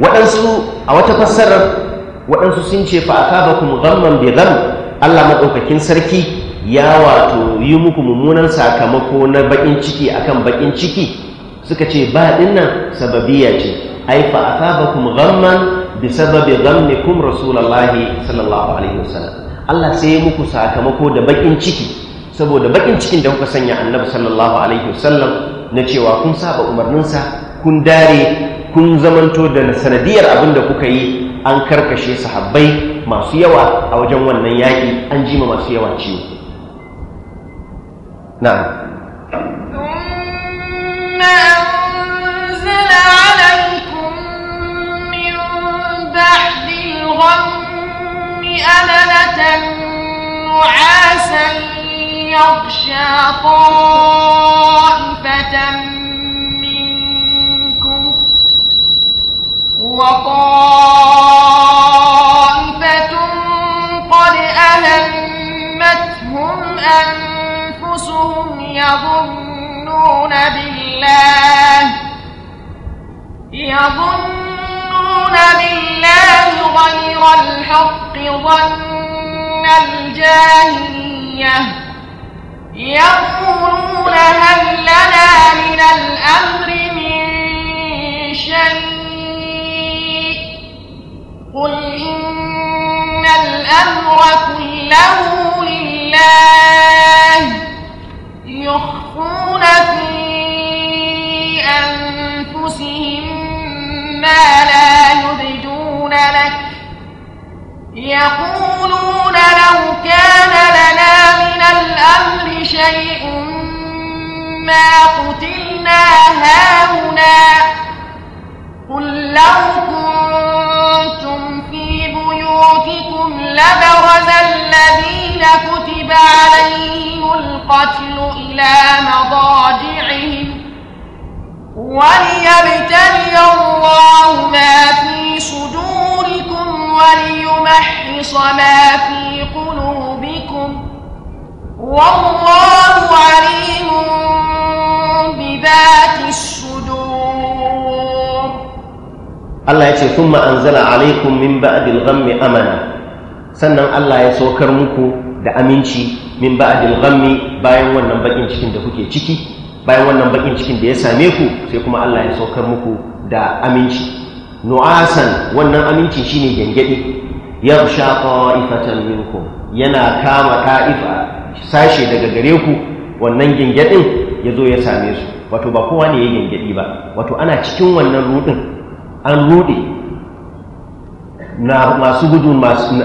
waɗansu a wata fassarar waɗansu sun ce fa akabakum ghamman bi gham Allah maɗaukakin sarki ya wato yi muku mummunan sakamako na baƙin ciki akan baƙin ciki suka ce ba ɗin sababiya ce ai fa akabakum ghamman بسبب ظنكم رسول الله sallallahu alaihi عليه sai muku sakamako da bakin ciki saboda bakin cikin da kuka sanya annabi sallallahu alaihi wasallam na cewa kun saba umarnin sa kun dare kun zamanto da sanadiyar abin da kuka yi an karkashe sahabbai masu yawa a wajen wannan yaki an jima masu yawa ciwo na'am أمنة نعاسا يغشى طائفة منكم وطائفة قد أهمتهم أنفسهم يظنون بالله يظنون يقولون بالله غير الحق ظن الجاهلية يقولون هل لنا من الأمر من شيء قل إن الأمر كله لله يخفون في أنفسهم ما لا لك يقولون لو كان لنا من الأمر شيء ما قتلنا هاهنا قل لو كنتم في بيوتكم لبرز الذين كتب عليهم القتل إلى مضاجعهم وليبتلي الله ما فيه يوقص ما في قلوبكم والله عليم بذات الصدور الله يتي ثم أنزل عليكم من بعد الغم أمنا sannan Allah ya saukar muku da aminci min ba'dil ghammi bayan wannan bakin cikin da kuke ciki bayan wannan bakin cikin da ya same ku sai kuma Allah ya saukar muku da aminci nu'asan wannan aminci shine gengede yaghsha qa'ifatan minkum yana kama ta'ifa sashe daga gare ku wannan gingadin yazo ya same su wato ba kowa ne ya gingadi ba wato ana cikin wannan rudin an rude na masu gudu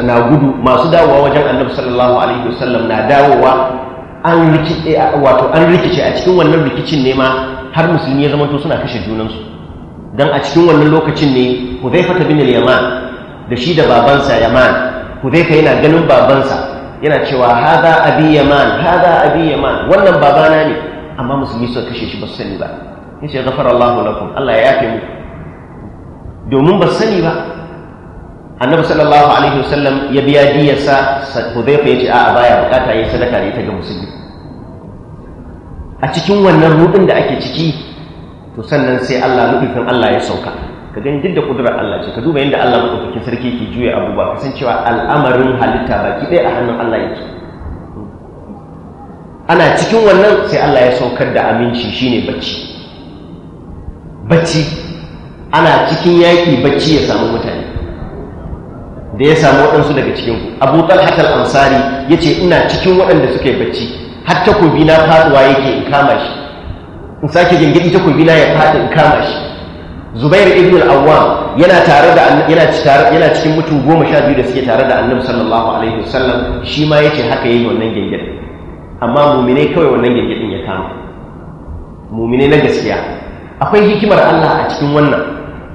na gudu masu dawowa wajen annabi sallallahu alaihi wasallam na dawowa an rikice wato an rikice a cikin wannan rikicin ne ma har musulmi ya to suna kashe junansu dan a cikin wannan lokacin ne Hudhaifah bin al-Yaman da shi da babansa yaman ka yana ganin babansa yana cewa haza abi yaman haza abi yaman wannan babana ne amma musulmi suka kashe shi ba su sani ba yace ghafarallahu lakum Allah ya yafe mu? domin ba su sani ba annabi sallallahu alaihi wasallam ya biya diyarsa hudayfa yace a'a baya bukata yi sadaka ne ta ga musulmi a cikin wannan rubin da ake ciki to sannan sai Allah Allah ya sauka ka gani duk da kudurar Allah ce ka duba yadda Allah madaukakin sarki ke juya abubuwa kasancewa al'amarin halitta baki ɗaya a hannun Allah yake ana cikin wannan sai Allah ya saukar da aminci shine bacci bacci ana cikin yaƙi bacci ya samu mutane da ya samu waɗansu daga cikin abu talhatal ansari ya ce ina cikin waɗanda suka yi bacci har takobi na faɗuwa yake in kama shi in sake gingiri takobi na ya faɗi in kama shi Zubairu ibn al yana tare da yana cikin mutum goma sha biyu da suke tare da annabu, sallallahu alaihi wasallam shi ma yake haka yi wannan gangan amma mu'mine kawai wannan gangan ya kama mu'mine na gaskiya akwai hikimar Allah a cikin wannan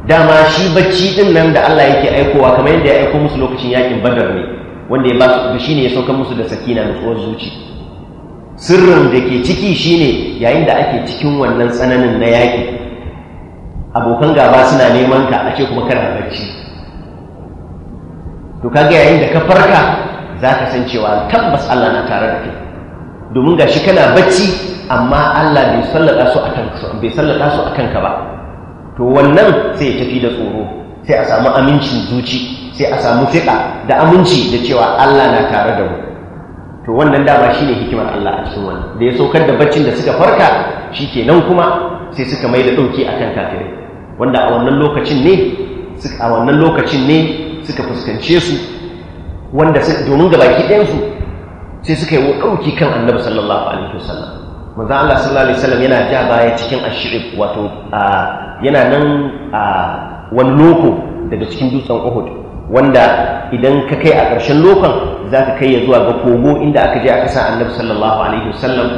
dama shi bacci din nan da Allah yake aikowa kamar yadda ya aiko musu lokacin yakin badar ne wanda ya ba shi ne ya saukar musu da sakina da tsohon zuci sirrin da ke ciki shine yayin da ake cikin wannan tsananin na yaƙi. abokan gaba suna neman ka a ce kuma kana bacci to kaga yayin da ka farka za ka san cewa tabbas Allah na tare da kai domin gashi kana bacci amma Allah bai sallata su akan bai sallata su akan ka ba to wannan sai ya tafi da tsoro sai a samu amincin zuci sai a samu fiƙa da aminci da cewa Allah na tare da mu to wannan dama shine hikimar Allah a cikin wannan da ya saukar da baccin da suka farka shikenan kuma sai suka mai da ɗauki akan kafirai wanda a wannan lokacin ne a wannan lokacin ne suka fuskance su wanda domin gabaki ɗayansu sai suka yi ɗauki kan annabi sallallahu alaihi wasallam manzo Allah sallallahu alaihi wasallam yana ja baya cikin ashirin wato yana nan a wani loko daga cikin dutsen Uhud wanda idan ka kai a ƙarshen lokon za ka kai ya zuwa ga kogo inda aka je aka sa annabi sallallahu alaihi wasallam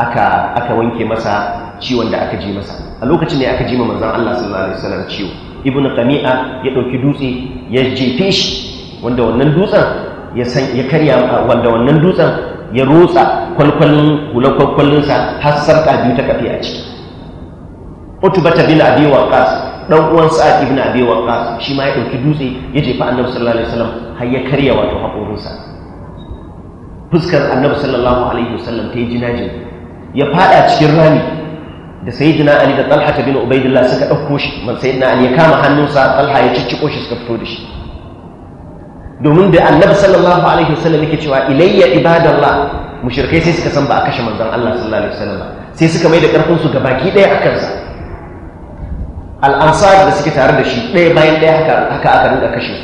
aka wanke masa ciwon da aka ji masa a lokacin da aka ji ma manzon Allah sallallahu alaihi wasallam ciwo ibnu qami'a ya dauki dutse ya jefe shi wanda wannan dutsen ya san ya karya wanda wannan dutsen ya rotsa kwalkwalin hular sa har sarƙa biyu ta kafi a ciki utubata bin abi waqas dan uwan sa'ad ibn abi waqas shi ma ya dauki dutse ya jefa annabi sallallahu alaihi wasallam har ya karya wato sa fuskar annabi sallallahu alaihi wasallam ta yi jinajin ya fada cikin rami da sayyidina ali da talha bin ubaidillah suka ɗauko shi man sayyidina ali ya kama hannunsa talha ya cicciko shi suka fito da shi domin da annabi sallallahu alaihi wasallam yake cewa ilayya ibadallah mushrikai sai suka san ba a kashe manzon Allah sallallahu alaihi wasallam sai suka mai da karfin su gabaki ɗaya akan sa al-ansar da suke tare da shi ɗaya bayan ɗaya haka haka aka rinka kashe su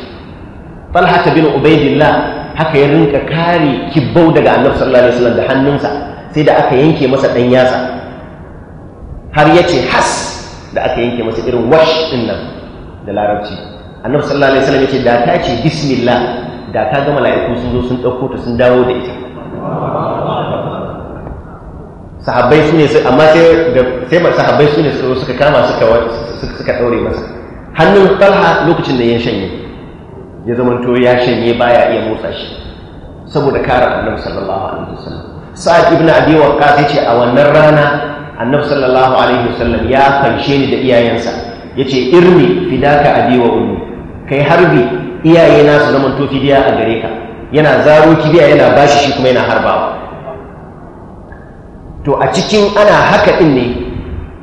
talha bin ubaidillah haka ya rinka kare kibbau daga annabi sallallahu alaihi wasallam da hannunsa sai da aka yanke masa dan yatsa har ya ce has da aka yanke masa irin wash din nan da larabci annabi sallallahu alaihi wasallam yace ce da ta ce bismillah da ta ga mala'iku sun zo sun ɗauko ta sun dawo da ita sahabbai sune su amma sai da sai sahabbai sune su suka kama suka suka daure masa hannun talha lokacin da ya shanye ya to ya shanye baya iya motsa shi saboda kare annabi sallallahu alaihi wasallam sa'ad ibn abi waqqas yace a wannan rana annabi sallallahu alaihi wasallam ya kanshe ni da iyayensa yace irmi fidaka abi wa ummi kai harbi iyaye na su zaman tofi biya a gare ka yana zaro kibiya yana bashi shi kuma yana harbawa to a cikin ana haka din ne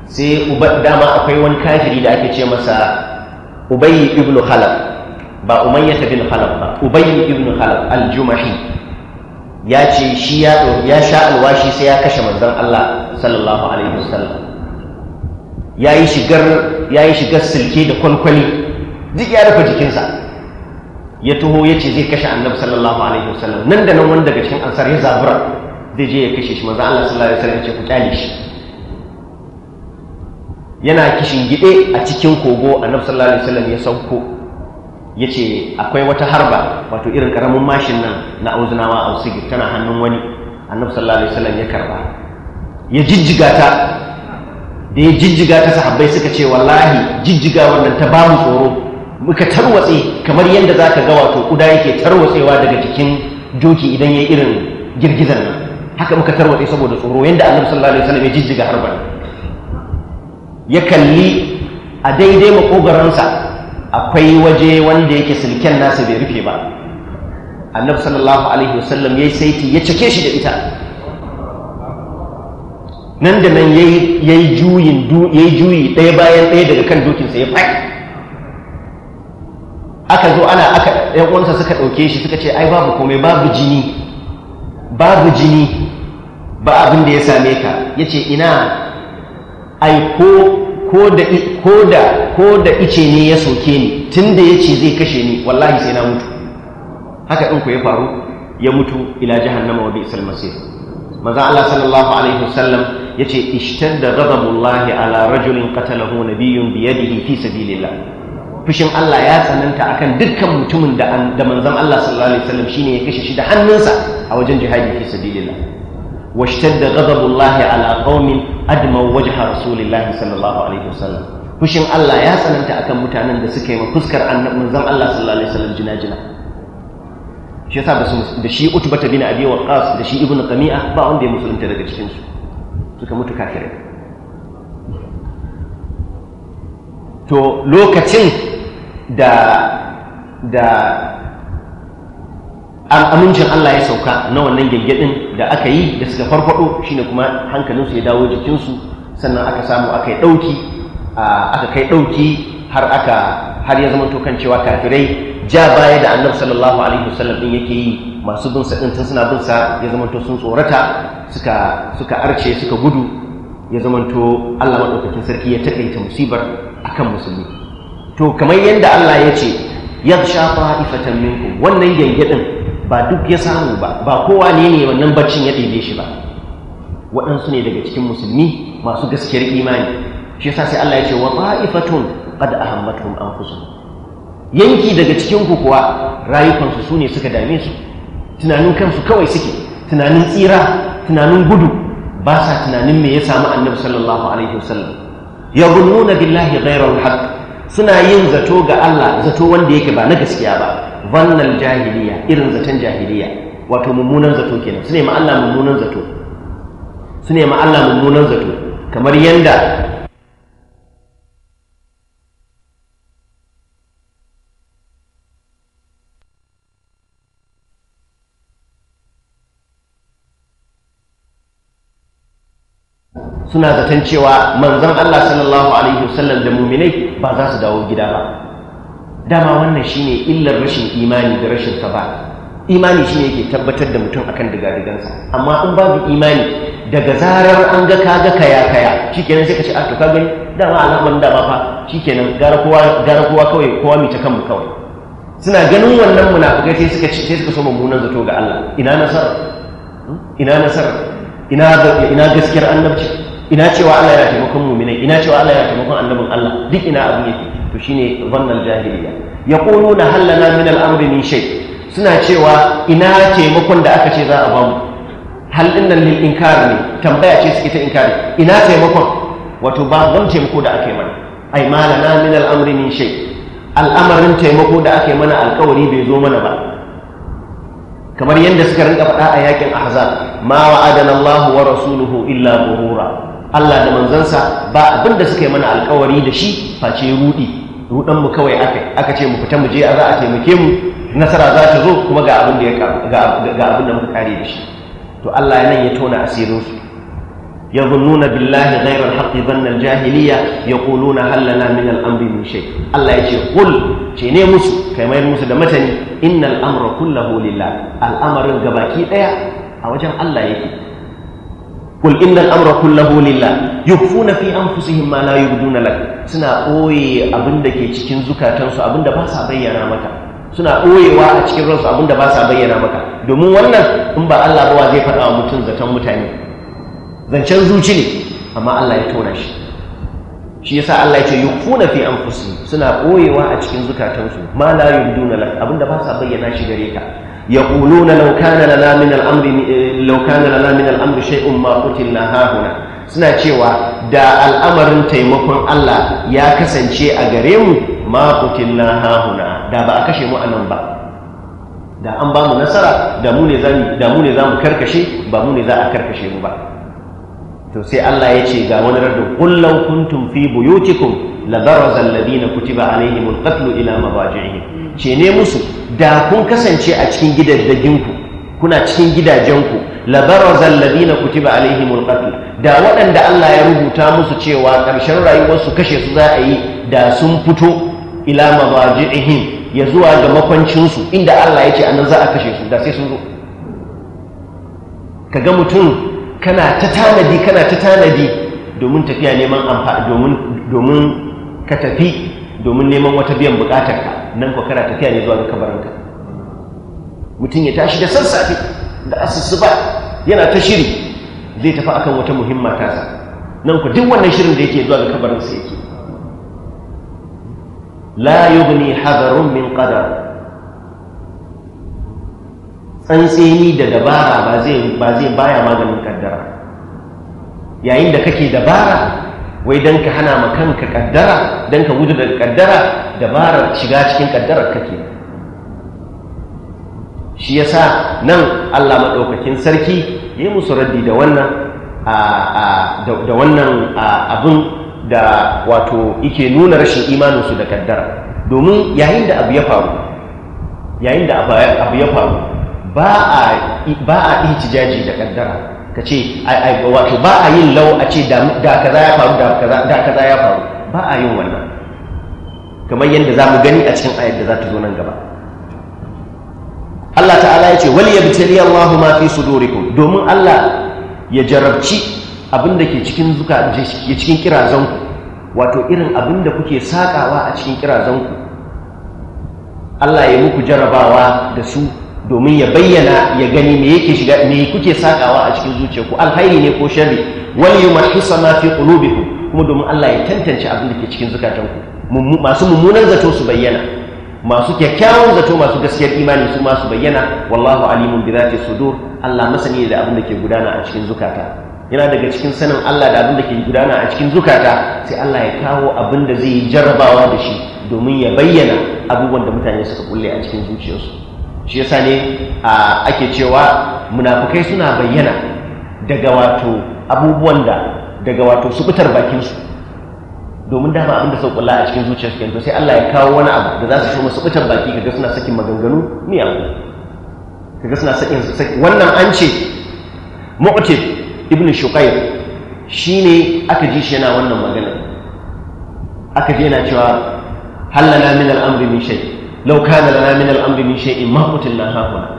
sai uba dama akwai wani kafiri da ake ce masa ubayy ibn khalaf ba umayyah bin khalaf ba ubayy ibn khalaf al-jumahi ya ce shi ya sha alwashi sai ya kashe manzon Allah sallallahu alaihi wasallam yayi shigar yayi shigar silke da kwalkwali duk ya rufe jikinsa ya taho ya ce zai kashe annabi sallallahu alaihi wasallam nan da nan wani daga cikin ansar ya zabura zai je ya kashe shi manzo Allah sallallahu alaihi wasallam ya ce ku kyale shi yana kishin gide a cikin kogo annabi sallallahu alaihi wasallam ya sauko ya ce akwai wata harba wato irin karamin mashin nan na auzunawa a tana hannun wani annabi sallallahu alaihi wasallam ya karba ya jijjiga ta da ya jijjiga ta sahabbai suka ce wallahi jijjiga wannan ta ba mu tsoro muka tarwatse kamar yadda za ka ga wato kuda yake tarwatsewa daga jikin doki idan ya irin girgizar nan haka muka tarwatse saboda tsoro yadda annabi sallallahu alaihi wasallam ya jijjiga harbar ya kalli a daidai makogaransa akwai waje wanda yake silken nasa bai rufe ba annabi sallallahu alaihi wasallam ya saiti ya cike shi da ita nan da nan ya yi juyi ɗaya bayan ɗaya daga kan dokinsa ya faɗi aka zo ana aka ɗan uwansa suka ɗauke shi suka ce ai babu komai babu jini babu jini ba abin da ya same ka ya ce ina ai ko da koda ice ne ya soke ni tun da ya ce zai kashe ni wallahi sai na mutu haka ɗin ku ya faru ya mutu ila jahannama wa bi'sal masir Maza Allah sallallahu alaihi wasallam yace ishtadda ghadabullahi ala rajulin qatalahu nabiyyun biyun yadihi fi sabilillah fushin Allah ya tsananta akan dukkan mutumin da da manzon Allah sallallahu alaihi wasallam shine ya kashe shi da hannunsa a wajen jihadi fi sabilillah washtadda ghadabullahi ala qaumin admaw wajha rasulillahi sallallahu alaihi wasallam fushin Allah ya tsananta akan mutanen da suka yi fuskar annabi manzon Allah sallallahu alaihi wasallam jinajina shi yasa da shi utbata bin abi waqqas da shi ibnu qami'a ba wanda ya musulunta daga cikin su suka mutu kafirai to lokacin da da amincin Allah ya sauka na wannan gyangyaɗin da aka yi da suka farfaɗo shine kuma hankalinsu ya dawo jikinsu sannan aka samu aka yi ɗauki aka kai ɗauki har aka har ya zama kan cewa kafirai ja baya da annabi sallallahu alaihi wasallam din yake yi masu bin sa din tun suna bin sa ya zama to sun tsorata suka arce suka gudu ya zamanto Allah madaukakin sarki ya takaita musibar akan musulmi to kamar yadda Allah ya ce yaghsha fa'ifatan minkum wannan gengedin ba duk ya samu ba ba kowa ne ne wannan baccin ya ɗebe shi ba waɗansu ne daga cikin musulmi masu gaskiyar imani shi yasa sai Allah ya ce wa ta'ifatun qad ahammatuhum anfusuhum yanki daga cikin ku kuwa rayukansu su ne suka dame su tunanin kansu kawai suke tunanin tsira tunanin gudu ba sa tunanin me ya samu annabi sallallahu alaihi wasallam yabunnuna billahi ghairal haqq suna yin zato ga Allah zato wanda yake ba na gaskiya ba vannal jahiliya irin zaton jahiliya wato mummunan zato kenan su ne ma Allah mummunan zato su ne ma Allah mummunan zato kamar yanda suna zaton cewa manzan Allah sallallahu alaihi wasallam da muminai ba za su dawo gida ba dama wannan shi ne illar rashin imani da rashin ba. imani shi ne yake tabbatar da mutum akan diga-digansa, amma in babu imani daga zarar an ga kaga kaya kaya shikenan sai ka ce a ah, to ka gani dama wani dama fa shikenan gara kowa gara kowa kawai kowa mai kanmu kawai suna ganin wannan munafikai sai suka sai suka so mummunan zato ga Allah ina nasara hmm? ina nasara ina gaskiyar annabci ina cewa Allah yana taimakon mu'minai ina cewa Allah yana taimakon annabin Allah duk ina abin yake to shine zannal jahiliya yaquluna na lana min al-amri min shay suna cewa ina taimakon da aka ce za a bamu hal dinnan lil inkar ne tambaya ce suke ta inkari ina taimakon wato ba wani taimako da aka yi mana ai malana min al-amri min shay al'amarin taimako da aka yi mana alkawari bai zo mana ba kamar yadda suka rinka faɗa a yakin ahzab ma wa'adana Allah wa rasuluhu illa ghurura Allah da manzansa ba abinda da suka yi mana alkawari da shi face rudi rudan mu kawai aka aka ce mu fita mu je a za a taimake mu nasara za ta zo kuma ga abin da ga ga abin da muka kare da shi to Allah ya nan ya tona asirin su zununa billahi ghayra alhaq dhanna aljahiliya yaquluna hal lana min al'amri amri min shay Allah ya ce kul ce ne musu kai mai musu da matani innal amra kullahu lillah al-amrun gabaki daya a wajen Allah yake kul innal amra kullahu lillah yukhfuna fi anfusihim ma la yubduna lak suna ɓoye abin ke cikin zukatansu abin da ba sa bayyana maka suna ɓoyewa a cikin ransu abin da ba sa bayyana maka domin wannan in ba Allah ba zai faɗa wa mutum zaton mutane zancen zuci ne amma Allah ya tona shi shi yasa Allah ya ce yukhfuna fi anfusihim suna ɓoyewa a cikin zukatansu ma la yubduna lak abin da ba sa bayyana shi gare ka يقولون لو كان لنا من الأمر لو كان لنا من الأمر شيء ما قتلنا هاهنا suna cewa da al'amarin taimakon Allah ya kasance a gare mu ma qutilla hahuna da ba a kashe mu anan ba da an ba mu nasara da mu ne zamu da mu ne zamu karkashe ba mu ne za a karkashe mu ba to sai Allah ya ce ga wani radda qul law kuntum fi buyutikum la baraza alladhina kutiba alaihimul qatlu ila mabajihim ce ne musu da kun kasance a cikin gidaddaginku kuna cikin gidajenku labarazal ladina kutiba alaihimul qatl da waɗanda Allah ya rubuta musu cewa ƙarshen rayuwarsu kashe su za a yi da sun fito ila him ya zuwa ga makwancinsu inda Allah ya ce anan za a kashe su da sai sun zo kaga mutum kana ta tanadi kana ta tanadi domin tafiya neman amfani domin ka tafi domin neman wata biyan bukatarka nan ko kana tafiya ne zuwa kabarinka mutum ya tashi da sassafe da asusuba yana ta shiri zai tafi akan wata muhimma tasa nan ko duk wannan shirin da yake zuwa ga kabarinsa yake la yughni hadarun min qadar tsantseni da dabara ba zai baya maganin kaddara yayin da kake dabara wai don ka hana ma kanka kaddara don ka gudu daga kaddara dabarar shiga cikin kaddarar kake shi ya sa nan Allah maɗaukakin sarki yi musu raddi da wannan da wannan abin da wato ike nuna rashin imaninsu da kaddara domin yayin da abu ya faru yayin da abu ya faru ba a ijijaji da kaddara ka ce wato ba a yin lau a ce da kaza ya faru da kaza ya faru ba a yin wannan kamar yadda za mu gani a cikin ayar da za ta zo nan gaba Allah ta'ala ya ce wal yabtali Allahu ma fi sudurikum domin Allah ya jarabci abin da ke cikin zuka ke cikin kirazanku wato irin abin da kuke sakawa a cikin kirazanku Allah ya muku jarabawa da su domin ya bayyana ya gani me yake shiga me kuke sakawa a cikin zuciyarku alhairi ne ko sharri wal yumahhisa ma fi qulubikum kuma domin Allah ya tantance abin da ke cikin zukatanku masu mummunan zato su bayyana masu kyakkyawan zato masu gaskiyar imani su masu bayyana wallahu alimun bi zati sudur Allah masani da abin da ke gudana a cikin zukata yana daga cikin sanin Allah da abin da ke gudana a cikin zukata sai Allah ya kawo abin da zai yi jarrabawa da shi domin ya bayyana abubuwan da mutane suka kulle a cikin zuciyarsu shi yasa ne ake cewa munafukai suna bayyana daga wato abubuwan da daga wato su fitar bakinsu domin dama abin da sauƙulla a cikin zuciyar su to sai Allah ya kawo wani abu da za su so masu fitar baki kaga suna sakin maganganu ni miyagu kaga suna sakin wannan an ce mu'tib ibn shuqayr shine aka ji shi yana wannan magana aka ji yana cewa halala min al-amri min shay'in لو كان لنا من al'amri من شيء ما qutilna hahuna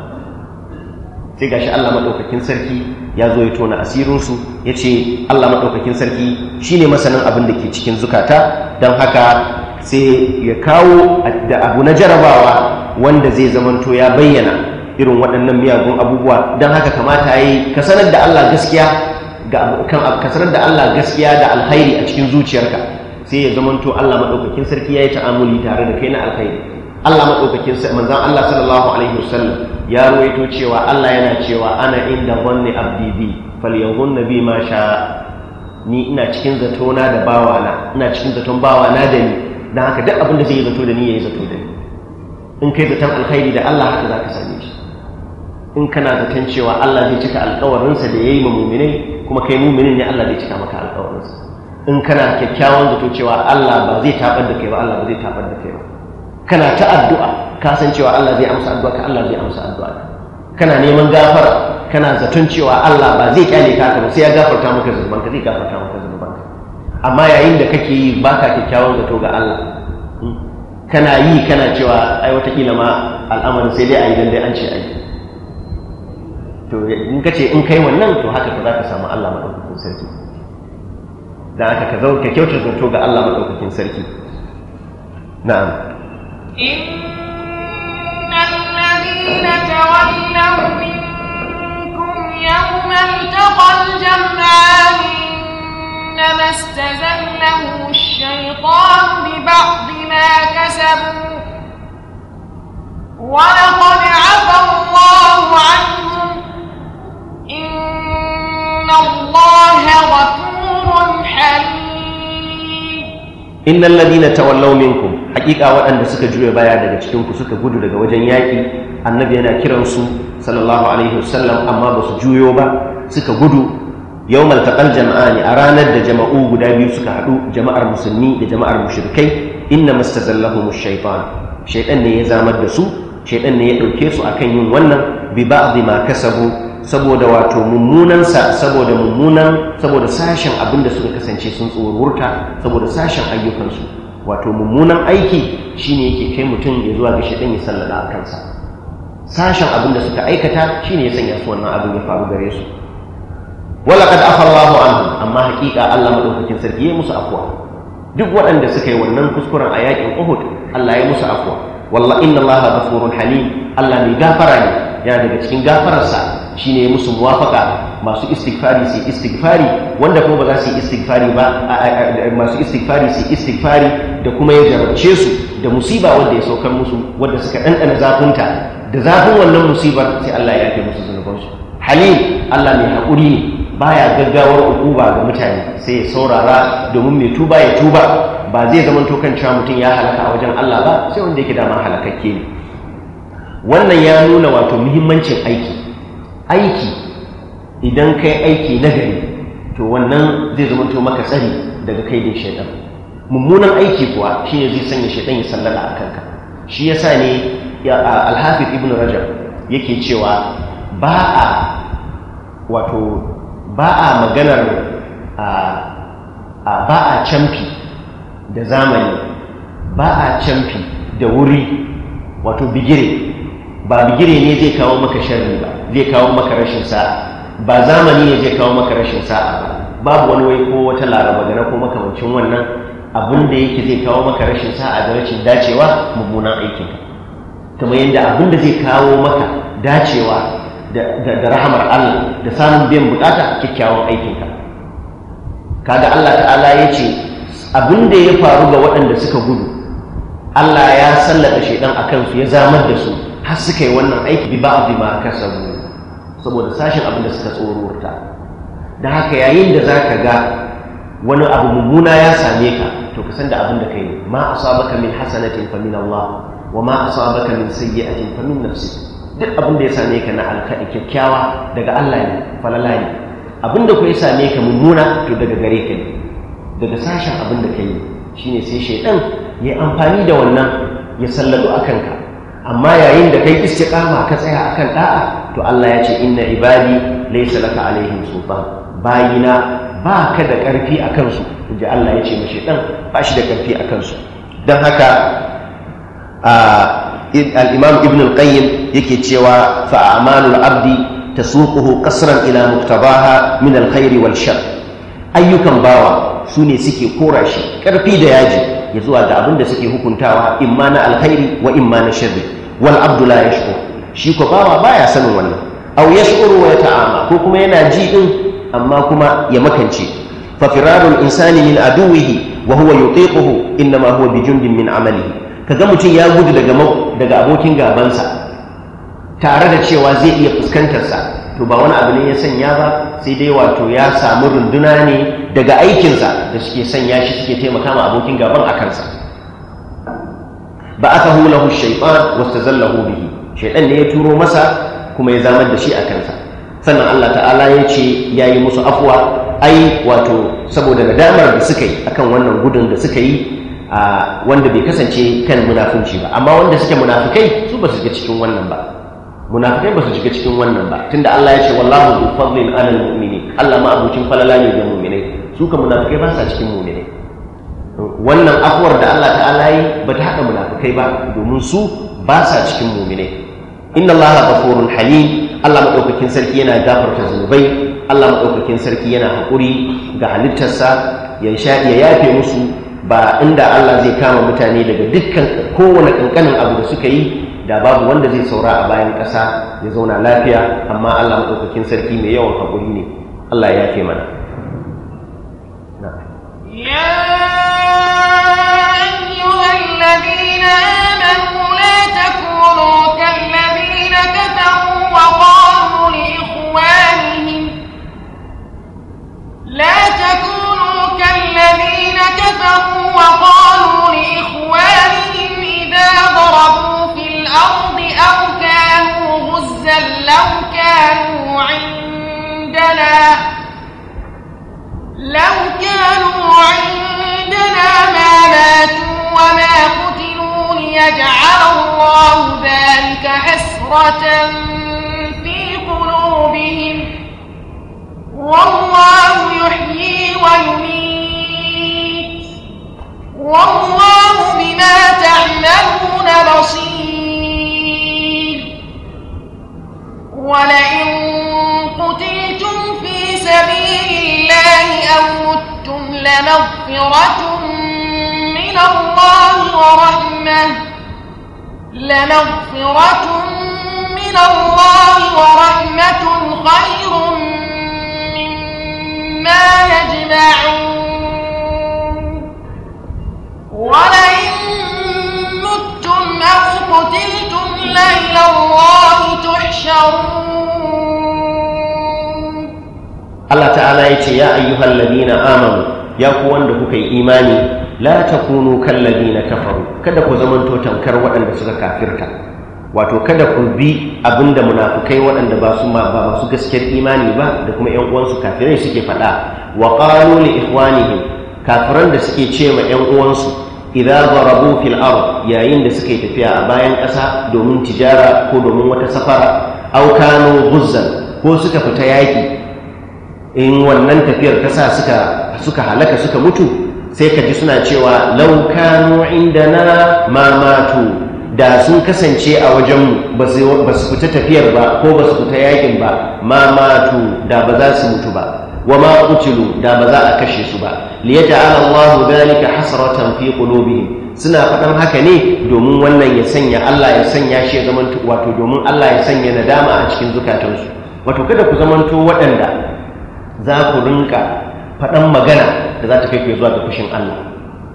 sai gashi Allah madaukakin sarki ya zo ya tona asirin su yace Allah madaukakin sarki shine masanin abin da ke cikin zukata dan haka sai ya kawo da abu na jarabawa wanda zai zamanto ya bayyana irin waɗannan miyagun abubuwa don haka kamata yi ka sanar da Allah gaskiya ka sanar da Allah gaskiya da alkhairi a cikin zuciyarka sai ya zamanto Allah maɗaukakin sarki ya yi ta'amuli tare da kai na alkhairi Allah maɗaukakin sa manzan Allah sallallahu alaihi wasallam ya ruwaito cewa Allah yana cewa ana inda wanne abdi bi na bi ma sha ni ina cikin zato na da bawana ina cikin zaton bawana da ni dan haka duk abin da zai zato da ni ya yi zato da ni in kai zaton alkhairi da Allah haka za ka same shi in kana zaton cewa Allah zai cika alkawarinsa da ya yi muminai kuma kai muminin ne Allah zai cika maka alkawarinsa in kana kyakkyawan zato cewa Allah ba zai tabar da kai ba Allah ba zai tabar da kai ba kana ta addu'a ka san cewa Allah zai amsa addu'a ka Allah zai amsa addu'a kana neman gafara kana zaton cewa Allah ba zai kyale ka ba sai ya gafarta maka zunuban ka zai gafarta maka zunuban ka amma yayin da kake yi baka kyakkyawan zato ga Allah hmm. kana yi kana cewa ai watakila ma al'amarin sai dai a yi dan dai an ce ai to in ka ce in kai wannan to haka ka za ka samu Allah maɗaukakin sarki da aka ka kyautar zato ga Allah maɗaukakin sarki na'am إن الذين تولوا منكم إنما الشيطان ببعض ما كسبوا ولقد عفى الله عنهم إن الله غفور حليم innal ladina tawallaw minkum hakika waɗanda suka juya baya daga cikin ku suka gudu daga wajen yaƙi annabi yana kiransu, su sallallahu alaihi wasallam amma ba su juyo ba suka gudu maltaƙar jama'a ne a ranar da jama'u guda biyu suka haɗu jama'ar musulmi da jama'ar mushrikai inna Zallahu ash-shaytan ne ya zamar da su shaytan ne ya ɗauke su akan yin wannan bi ba'dhi ma saboda wato mummunansa saboda mummunan saboda sashen abin da suka kasance sun tsorurta saboda sashen ayyukansu wato mummunan aiki shine yake kai mutum ya zuwa ga shaɗin ya sallada a kansa sashen abin da suka aikata shine ya sanya su wannan abin ya faru gare su walaƙad afa Allahu anhu amma haƙiƙa Allah maɗaukakin sarki ya musu afuwa duk waɗanda suka yi wannan kuskuren a yaƙin Uhud Allah ya musu afuwa wallahi inna allaha ghafurun halim Allah mai gafara ne yana daga cikin gafararsa shine ya musu muwafaka masu istighfari sai istighfari wanda kuma ba za su yi istighfari ba masu istighfari sai istighfari da kuma ya jarabce su da musiba wanda ya saukar musu wanda suka ɗanɗana zafinta da zafin wannan musibar sai Allah ya yafe musu zunubansu halil Allah mai hakuri ne baya gaggawar ukuba ga mutane sai ya saurara domin mai tuba ya tuba ba zai zama tokan cewa mutum ya halaka a wajen Allah ba sai wanda yake dama halakakke ne wannan ya nuna wato muhimmancin aiki aiki idan kai aiki nagari to wannan zai zama to maka tsari daga kai da shaidan mummunan aiki kuwa shi ne zai sanya shaidan ya sallala a kanka shi ya sa ne alhafiz ibn rajab yake cewa ba a wato ba a maganar ba a camfi da zamani ba a camfi da wuri wato bigire ba bigire ne zai kawo maka sharri ba zai kawo maka rashin sa'a ba zamani ne zai kawo maka rashin sa'a ba babu wani wai ko wata laraba gana ko makamancin wannan abin da yake zai kawo maka rashin sa'a da rashin dacewa mummunan aikin Kuma yadda abin da zai kawo maka dacewa da rahamar Allah da samun biyan bukata kyakkyawan aikin ka kaga Allah ta'ala ya ce abin da ya faru ga waɗanda suka gudu Allah ya sallata shaidan a kansu ya zamar da su har suka yi wannan aiki bi ba'd ma kasabu saboda sashin abin da suka tsororta Da haka yayin da zaka ga wani abu mummuna ya same ka to ka san da abin da kai ma asabaka min hasanatin fa min Allah wa ma asabaka min sayyi'atin fa min nafsi duk abin da ya same ka na alkhairi kyakkyawa daga Allah ne falala ne abin da ku ya same ka mummuna to daga gare ka ne daga sashen abin da ka yi shine sai shaidan ya amfani da wannan ya sallado a kanka amma yayin da kai istiqama ka tsaya akan da'a to Allah ya ce inna ibadi laysa laka alaihim sultan bayina ba ka da karfi akan su inji Allah ya ce mashi dan ba shi da karfi akan su dan haka al-imam ibn al-qayyim yake cewa fa amanul abdi tasuquhu qasran ila muktabaha min al-khair wal shar ayyukan bawa sune suke kora shi karfi da yaji ya zuwa ga abin da suke hukuntawa in ma na alkhairi wa in ma na shirri wal Abdullahi ya shi ko bawa baya sanin wannan aw yashkuru wa ta'ama, ko kuma yana ji din amma kuma ya makance fa firarul insani min aduwihi wa huwa yutiquhu ma huwa bijundin min amalihi kaga mutum ya gudu daga daga abokin sa tare da cewa zai iya fuskantar sa to ba wani abu ne ya sanya ba sai dai wato ya samu runduna ne daga aikinsa da suke sanya shi suke taimaka ma abokin gaban a kansa ba aka hula hu shaiɓan wasu hu bihi shaiɗan ne ya turo masa kuma ya zamar da shi a kansa sannan allah ta'ala ya ce ya yi musu afuwa ai wato saboda nadamar da suka yi akan wannan gudun da suka yi wanda bai kasance kan munafunci ba amma wanda suke munafukai su ba su ga cikin wannan ba munafikai ba su shiga cikin wannan ba tunda Allah ya ce wallahu bi fadlin alal mu'minin Allah ma abucin falala ne ga mu'minai su ka munafikai ba sa cikin mu'minai wannan afuwar da Allah ta'ala yi ba ta haɗa munafikai ba domin su ba sa cikin mu'minai inna Allah ghafurun halim Allah madaukakin sarki yana gafarta zunubai Allah madaukakin sarki yana hakuri ga halittarsa ya yafe musu ba inda Allah zai kama mutane daga dukkan kowane kankanin abu da suka yi da babu wanda zai saura a bayan ƙasa ya zauna lafiya amma Allah maɗaukakin sarki mai yawan haƙuri ne Allah ya yafe mana يا أيها الذين آمنوا لا تكونوا كالذين كفروا وقالوا لإخوانهم لا تكونوا كالذين كفروا وقالوا لإخوانهم يجعل الله ذلك حسرة في قلوبهم والله يحيي ويميت والله بما تعملون بصير ولئن قتلتم في سبيل الله أو متم لمغفرة من الله ورحمه لمغفرة من الله ورحمة خير مما يجمعون ولئن متم أو قتلتم لإلى الله تحشرون الله تعالى يا أيها الذين آمنوا يا قوان دفك إيماني la kallabi na kafaru kada ku zamanto tamkar waɗanda suka kafirta wato kada ku bi abinda munafukai waɗanda ba su ba masu gaskiyar imani ba da kuma ƴan uwansu kafirai suke faɗa wa qalu li ikhwanihim kafiran da suke ce ma ƴan uwansu idza darabu fil ard yayin da suke tafiya a bayan ƙasa domin tijara ko domin wata safara aw kanu guzzan ko suka fita yaki in wannan tafiyar ta sa suka suka halaka suka mutu sai ka ji suna cewa 'Laukano, inda na, mamatu,' matu da sun kasance a wajenmu ba su fita tafiyar ba ko ba su fita yakin ba mamatu, da ba za su mutu ba wa ma kucilu da ba za a kashe su ba liyata'ala Allahu zalika hasratan fi qulubihim suna faɗan haka ne domin wannan ya sanya Allah ya sanya shi zaman wato domin Allah ya sanya nadama a cikin zukatansu wato kada ku zamanto waɗanda za ku rinka faɗan magana da za ta kai zuwa ga fushin Allah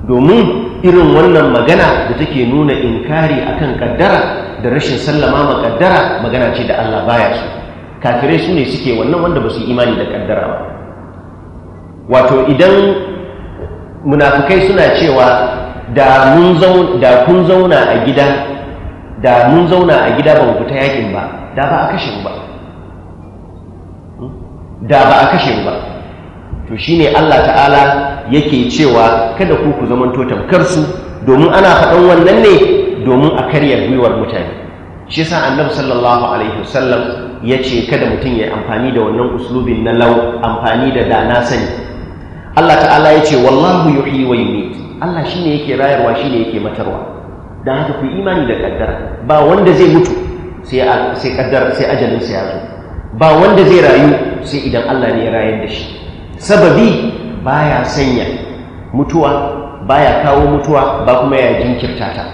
domin irin wannan magana da take nuna inkari akan kaddara da rashin sallama ma kaddara magana ce da Allah baya su kafirai su ne suke wannan wanda ba su imani da kaddara ba wato idan munafukai suna cewa da mun kun zauna a gida da mun zauna a gida ba mu fita yakin ba da ba a kashe mu ba hmm? da ba a kashe mu ba to shi ne Allah ta'ala yake cewa kada ku ku zamanto tamkar su domin ana faɗan wannan ne domin a karya gwiwar mutane shi sa annabi sallallahu alaihi wasallam ya ce kada mutum ya amfani da wannan uslubin na lau amfani da da na sani Allah ta'ala ya ce wallahu yuhyi wa yumiit Allah shi ne yake rayarwa shi ne yake matarwa don haka ku imani da kaddara ba wanda zai mutu sai kaddara sai ya zo ba wanda zai rayu sai idan Allah ne ya rayar da shi sababi baya sanya mutuwa baya kawo mutuwa ba kuma ya jinkirta ta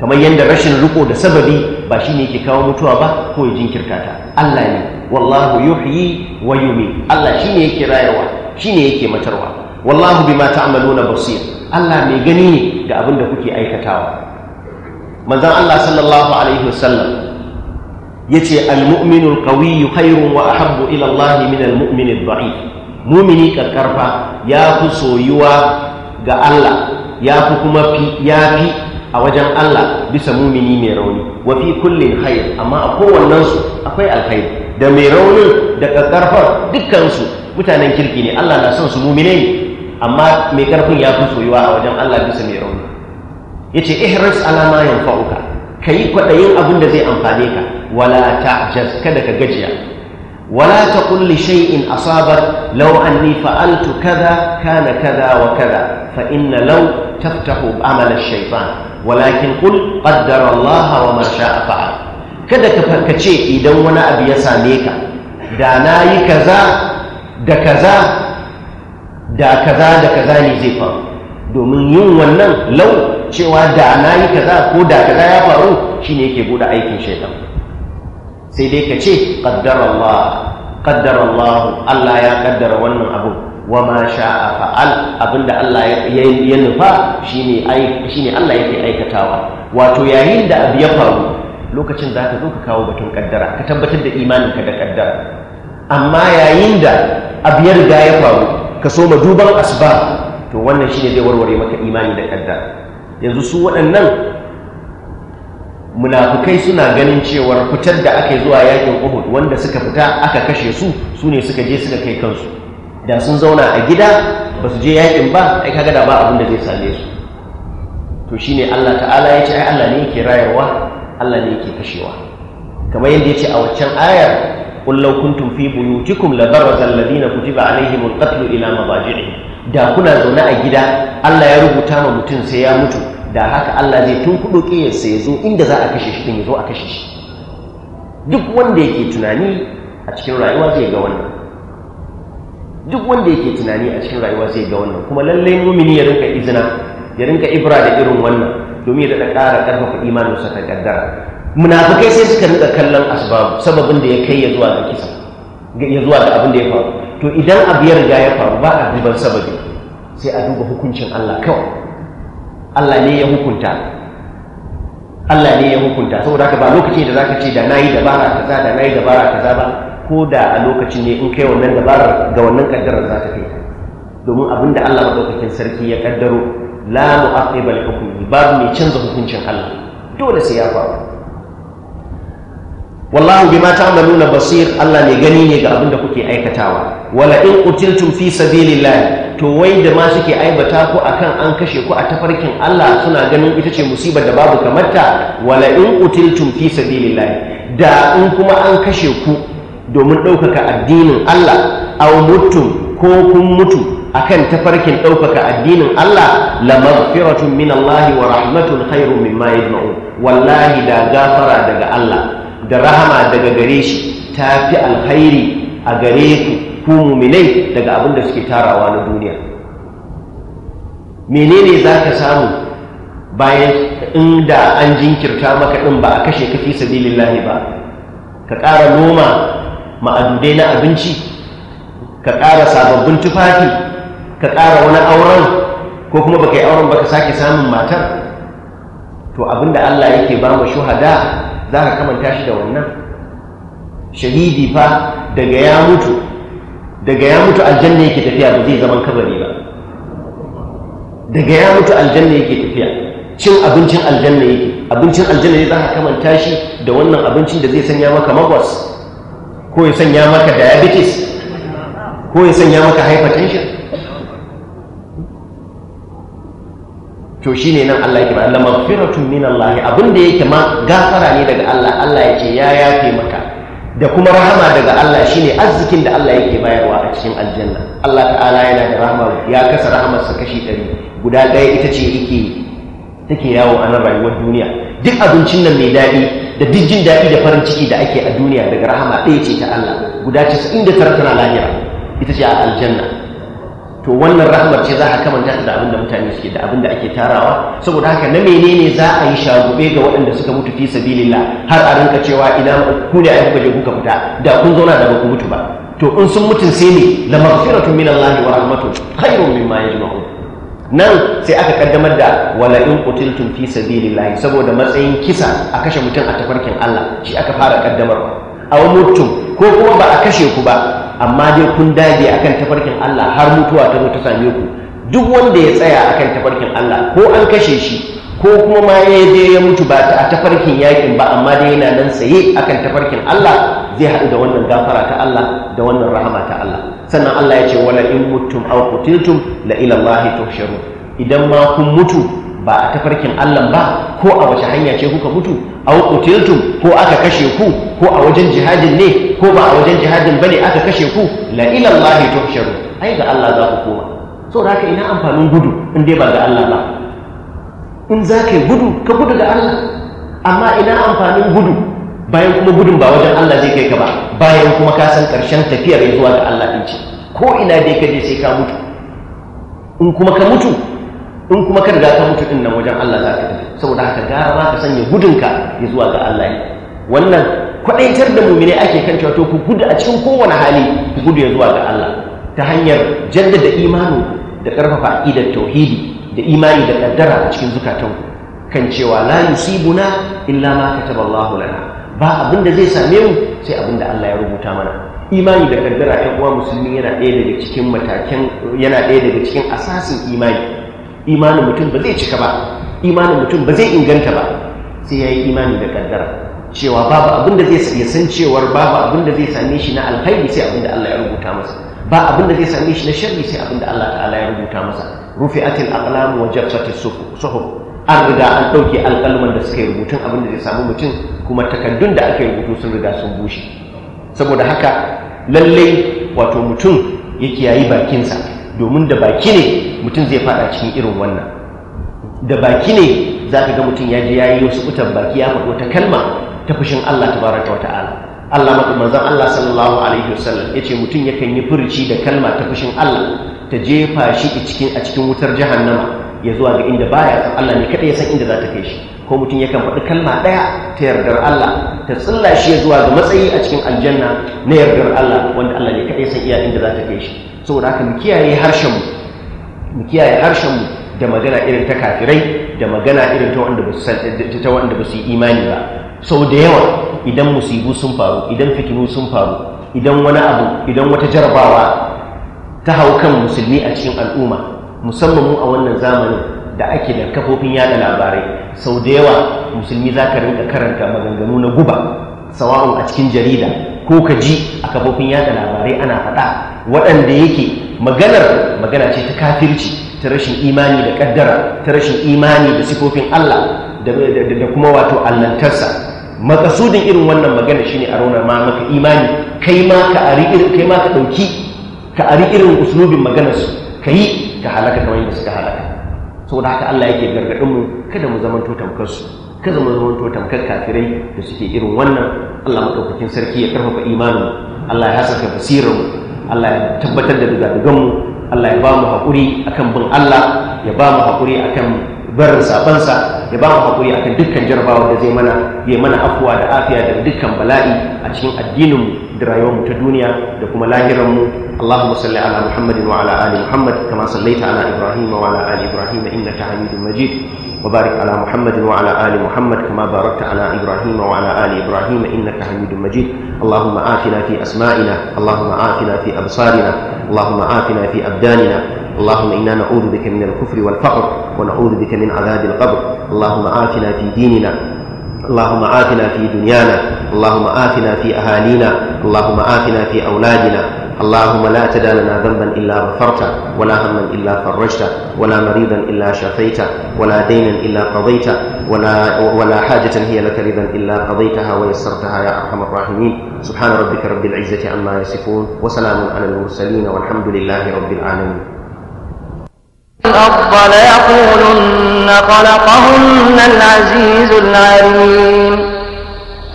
kamar yadda rashin riko da sababi ba shi ne ke kawo mutuwa ba ko ya jinkirta ta Allah ne wallahu yuhyi wa yumi Allah shi ne yake rayarwa shi ne yake matarwa wallahu bima ta'maluna basir Allah mai gani ne da abin da kuke aikatawa manzon Allah sallallahu alaihi wasallam yace al-mu'minul yi hairun wa ahabbu ila min al-mu'minid mumini karkarfa ya fi soyuwa ga Allah ya fi kuma fi ya fi a wajen Allah bisa mumini mai rauni wa fi kullin amma a kowannensu akwai alkhair da mai raunin da karkarfar dukansu mutanen kirki ne Allah na son su mumine ne amma mai karfin ya fi soyuwa a wajen Allah bisa mai rauni Ya ce, yace ihris yin ma ka yi kwaɗayin abin da zai amfane ka wala ta'jaz kada ka gajiya wala ta li shay'in asabar law anni fa'altu kaza kana kada wa kada, fa inna law taftahu amala shaytan walakin qul qaddara Allah wa ma sha'a fa'al kada ka farkace idan wani abu ya same ka da nayi kaza da kaza da kaza da kaza ne zai faru domin yin wannan lau cewa da na yi kaza ko da kaza ya faru shine yake buɗe aikin shaitan sai dai ka ce qaddarallah qaddarallah Allah ya kaddara wannan abu wa ma sha'a fa'al abinda Allah ya nufa shine shine Allah yake aikatawa wato yayin da abu ya faru lokacin za zo ka kawo batun kaddara ka tabbatar da ka da kaddara amma yayin da abu ya riga ya faru ka so duban asuba, to wannan shine zai warware maka imani da kaddara yanzu su waɗannan munafukai suna ganin cewar fitar da aka zuwa yakin uhud wanda suka fita aka kashe su su ne suka je suka kai kansu da sun zauna a gida ba su je yakin ba ai kaga da ba abin da zai same su to shine Allah ta'ala ya ce ai Allah ne yake rayarwa Allah ne yake kashewa kamar yadda ya ce a waccan ayar qul law kuntum fi buyutikum la baraza alladhina kutiba alaihim alqatl ila mabajihim da kuna zaune a gida Allah ya rubuta ma mutum sai ya mutu da haka Allah zai tunkuɗo ƙiyarsa ya zo inda za a kashe shi ya zo a kashe shi duk wanda yake tunani a cikin rayuwa zai ga wannan duk wanda yake tunani a cikin rayuwa zai ga wannan kuma lallai mumini ya rinka izina ya rinka ibra da irin wannan domin ya daɗa ƙara ƙarfafa imaninsa ta ƙaddara munafukai sai suka rinka kallon asbabu sababin da ya kai ya zuwa ga kisa ya zuwa ga abin da ya faru to idan abu ya riga ya faru ba a duban sababi sai a duba hukuncin Allah kawai Allah ne ya hukunta Allah ne ya hukunta saboda haka ba lokacin da zaka ce da nayi dabara kaza da nayi dabara kaza ba ko da a lokacin ne in kai wannan dabarar ga wannan kaddarar za ta kai domin abin da Allah madaukakin sarki ya kaddaro la mu'aqqiba hukmi babu mai canza hukuncin Allah dole sai ya faru wallahu bima ta'maluna basir Allah ne gani ne ga abin da kuke aikatawa wala in qutiltum fi sabilillah to wai da ma suke aibata ku akan an kashe ku a tafarkin Allah suna ganin ita ce musibar da babu kamarta wala in qutiltum fi sabilillah da in kuma an kashe ku domin ɗaukaka addinin Allah aw mutum ko kun mutu akan tafarkin ɗaukaka addinin Allah la maghfiratun min Allah wa rahmatun khairun mimma yajma'un wallahi da gafara daga Allah da rahama daga gare shi ta fi alkhairi a gare ku ku muminai daga abin da suke tarawa na duniya menene za ka samu bayan inda an jinkirta maka ɗin ba a kashe kafi sabilillahi ba ka ƙara noma ma'adudai na abinci ka ƙara sababbin tufafi ka ƙara wani auren ko kuma baka yi auren baka sake samun matar to abinda Allah yake ba mu shuhada za ka kamanta shi da wannan shahidi fa daga ya mutu daga ya mutu aljanna yake tafiya ba zai zaman kabari ba daga ya mutu aljanna yake tafiya cin abincin aljanna yake abincin aljanna ne za ka kamanta shi da wannan abincin da zai sanya maka magwas ko ya sanya maka diabetes ko ya sanya maka hypertension to shi ne nan Allah ya yake Allah mafiratun min Allah abinda yake ma gafara ne daga Allah Allah ya ce ya yafe maka da kuma rahama daga Allah shi ne arzikin da Allah yake bayarwa a cikin aljanna Allah ta'ala yana da rahama ya kasa rahamarsa kashi ɗari guda ɗaya ita ce yake take yawo a nan rayuwar duniya duk abincin nan mai daɗi da duk jin daɗi da farin ciki da ake a duniya daga rahama ɗaya ce ta Allah guda tara tana lahira ita ce a aljanna to wannan rahmar ce za a kamanta ta da abin da mutane suke da abin da ake tarawa saboda haka na menene za a yi shagube ga waɗanda suka mutu fi sabilillah har a rinka cewa ina ku ne ai kuka je kuka fita da kun zauna da ku mutu ba to in sun mutu sai ne la maghfiratun min Allah wa rahmatun khairun mimma yajma'un nan sai aka kaddamar da wala in qutiltum fi sabilillah saboda matsayin kisa a kashe mutum a tafarkin Allah shi aka fara kaddamar A mutum ko kuma ba a kashe ku ba amma dai kun dage akan tafarkin Allah har mutuwa ta zo ta same ku duk wanda ya tsaya akan tafarkin Allah ko an kashe shi ko kuma ma ya je ya mutu ba a tafarkin yakin ba amma dai yana nan tsaye akan tafarkin Allah zai haɗu da wannan gafara ta Allah da wannan rahama ta Allah sannan Allah ya ce wala in mutum aw qutiltum la ila Allah tuhsharun idan ma kun mutu ba a tafarkin Allah ba ko a wace hanya ce kuka mutu A qutiltum ko aka kashe ku ko a wajen jihadin ne ko ba a wajen jihadin bane aka kashe ku la'ilan lahi Allah tuhsharu ai ga Allah za ku koma so da haka ina amfanin gudu in dai ba ga Allah ba in za ka yi gudu ka gudu ga Allah amma ina amfanin gudu bayan kuma gudun ba wajen Allah zai kai ka ba bayan kuma ka san karshen tafiyar zuwa ga Allah din ce ko ina dai ka je sai ka mutu in kuma ka mutu in kuma ka riga ka mutu din nan wajen Allah za ka tafi saboda haka gara ba ka sanya gudunka ya zuwa ga Allah wannan kwadaitar da mumine ake kan cewa to ku gudu a cikin kowane hali ku gudu ya zuwa ga Allah ta hanyar jaddada imani da karfafa aqidar tauhidi da imani da kaddara a cikin zukatanku kan cewa la yusibuna illa ma Allah lana ba abin da zai same mu sai abin da Allah ya rubuta mana imani da kaddara ɗan uwa musulmi yana ɗaya daga cikin matakin yana ɗaya daga cikin asasin imani imanin mutum ba zai cika ba imanin mutum ba zai inganta ba sai ya yi imani da kaddara cewa babu abin da zai ya san cewar babu abin da zai same shi na alkhairi sai abin da Allah ya rubuta masa ba abin da zai same shi na sharri sai abin da Allah ta'ala ya rubuta masa rufi'atil aqlam wa jaffatis suhuf an riga an ɗauke alƙalman da suka yi rubutun abin da zai samu mutum kuma takaddun da ake rubutu sun riga sun bushe saboda haka lallai wato mutum yake ya kiyayi bakinsa domin da baki ne mutum zai fada cikin irin wannan da baki ne za ka ga mutum ya je ya yi wasu utar baki ya faɗo ta kalma ta fushin Allah baraka wa ta'ala Allah manzan Allah sallallahu alaihi wasallam ce mutum yakan yi furci da kalma ta fushin Allah ta jefa shi a cikin wutar jahannama ya zuwa ga inda baya Allah ne kada ya san inda za ta kai shi ko mutum yakan faɗi kalma ɗaya ta yardar Allah ta tsilla shi zuwa ga matsayi a cikin aljanna na yardar Allah wanda Allah ne kaɗai san iya inda za ta kai shi saboda haka mu kiyaye harshen mu kiyaye harshen da magana irin ta kafirai da magana irin ta wanda ba ta wanda ba su yi imani ba sau da yawa idan musibu sun faru idan fitinu sun faru idan wani abu idan wata jarabawa ta hau kan musulmi a cikin al'umma musamman mu a wannan zamanin da ake da kafofin yada labarai sau da yawa musulmi za ka rinka karanta maganganu na guba sawa'un a cikin jarida ko ka ji a kafofin yada labarai ana faɗa waɗanda yake maganar magana ce ta kafirci ta rashin imani da ƙaddara ta rashin imani da sifofin Allah da kuma wato allantarsa makasudin irin wannan magana shine a raunar ma maka imani kai ma ka ari irin kai ma ka dauki ka ari irin uslubin maganar su kai ka halaka kamar yadda suka halaka saboda haka Allah yake gargadin mu kada mu zamanto tamkar su kada mu zamanto tamkar kafirai da suke irin wannan Allah madaukakin sarki ya karfafa imanin Allah ya haskaka basirar mu Allah ya tabbatar da dugadugan mu Allah ya ba mu haƙuri akan bin Allah ya ba mu haƙuri akan barin sabansa ya ba mu haƙuri akan dukkan jarabawa da zai mana ya mana afuwa da afiya da dukkan bala'i a cikin addinin mu da rayuwar mu ta duniya da kuma lahirar mu اللهم صل على محمد وعلى آل محمد كما صليت على إبراهيم وعلى آل إبراهيم إنك حميد مجيد وبارك على محمد وعلى آل محمد كما باركت على إبراهيم وعلى آل إبراهيم إنك حميد مجيد اللهم آتنا في أسمائنا اللهم آتنا في أبصارنا اللهم آتنا في أبداننا اللهم إنا نعوذ بك من الكفر والفقر ونعوذ بك من عذاب القبر اللهم آتنا في ديننا اللهم آتنا في دنيانا اللهم آتنا في أهالينا اللهم آتنا في أولادنا اللهم لا تدع لنا ذنبا إلا غفرته ولا هما إلا فرجته ولا مريضا إلا شفيته ولا دينا إلا قضيته ولا, ولا حاجة هي لك رضا إلا قضيتها ويسرتها يا أرحم الراحمين سبحان ربك رب العزة عما يصفون وسلام على المرسلين والحمد لله رب العالمين الأرض ليقولن خلقهن العزيز العليم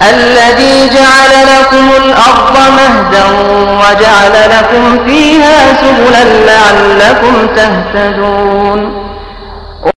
الذي جعل لكم الأرض مهدا وجعل لكم فيها سبلا لعلكم تهتدون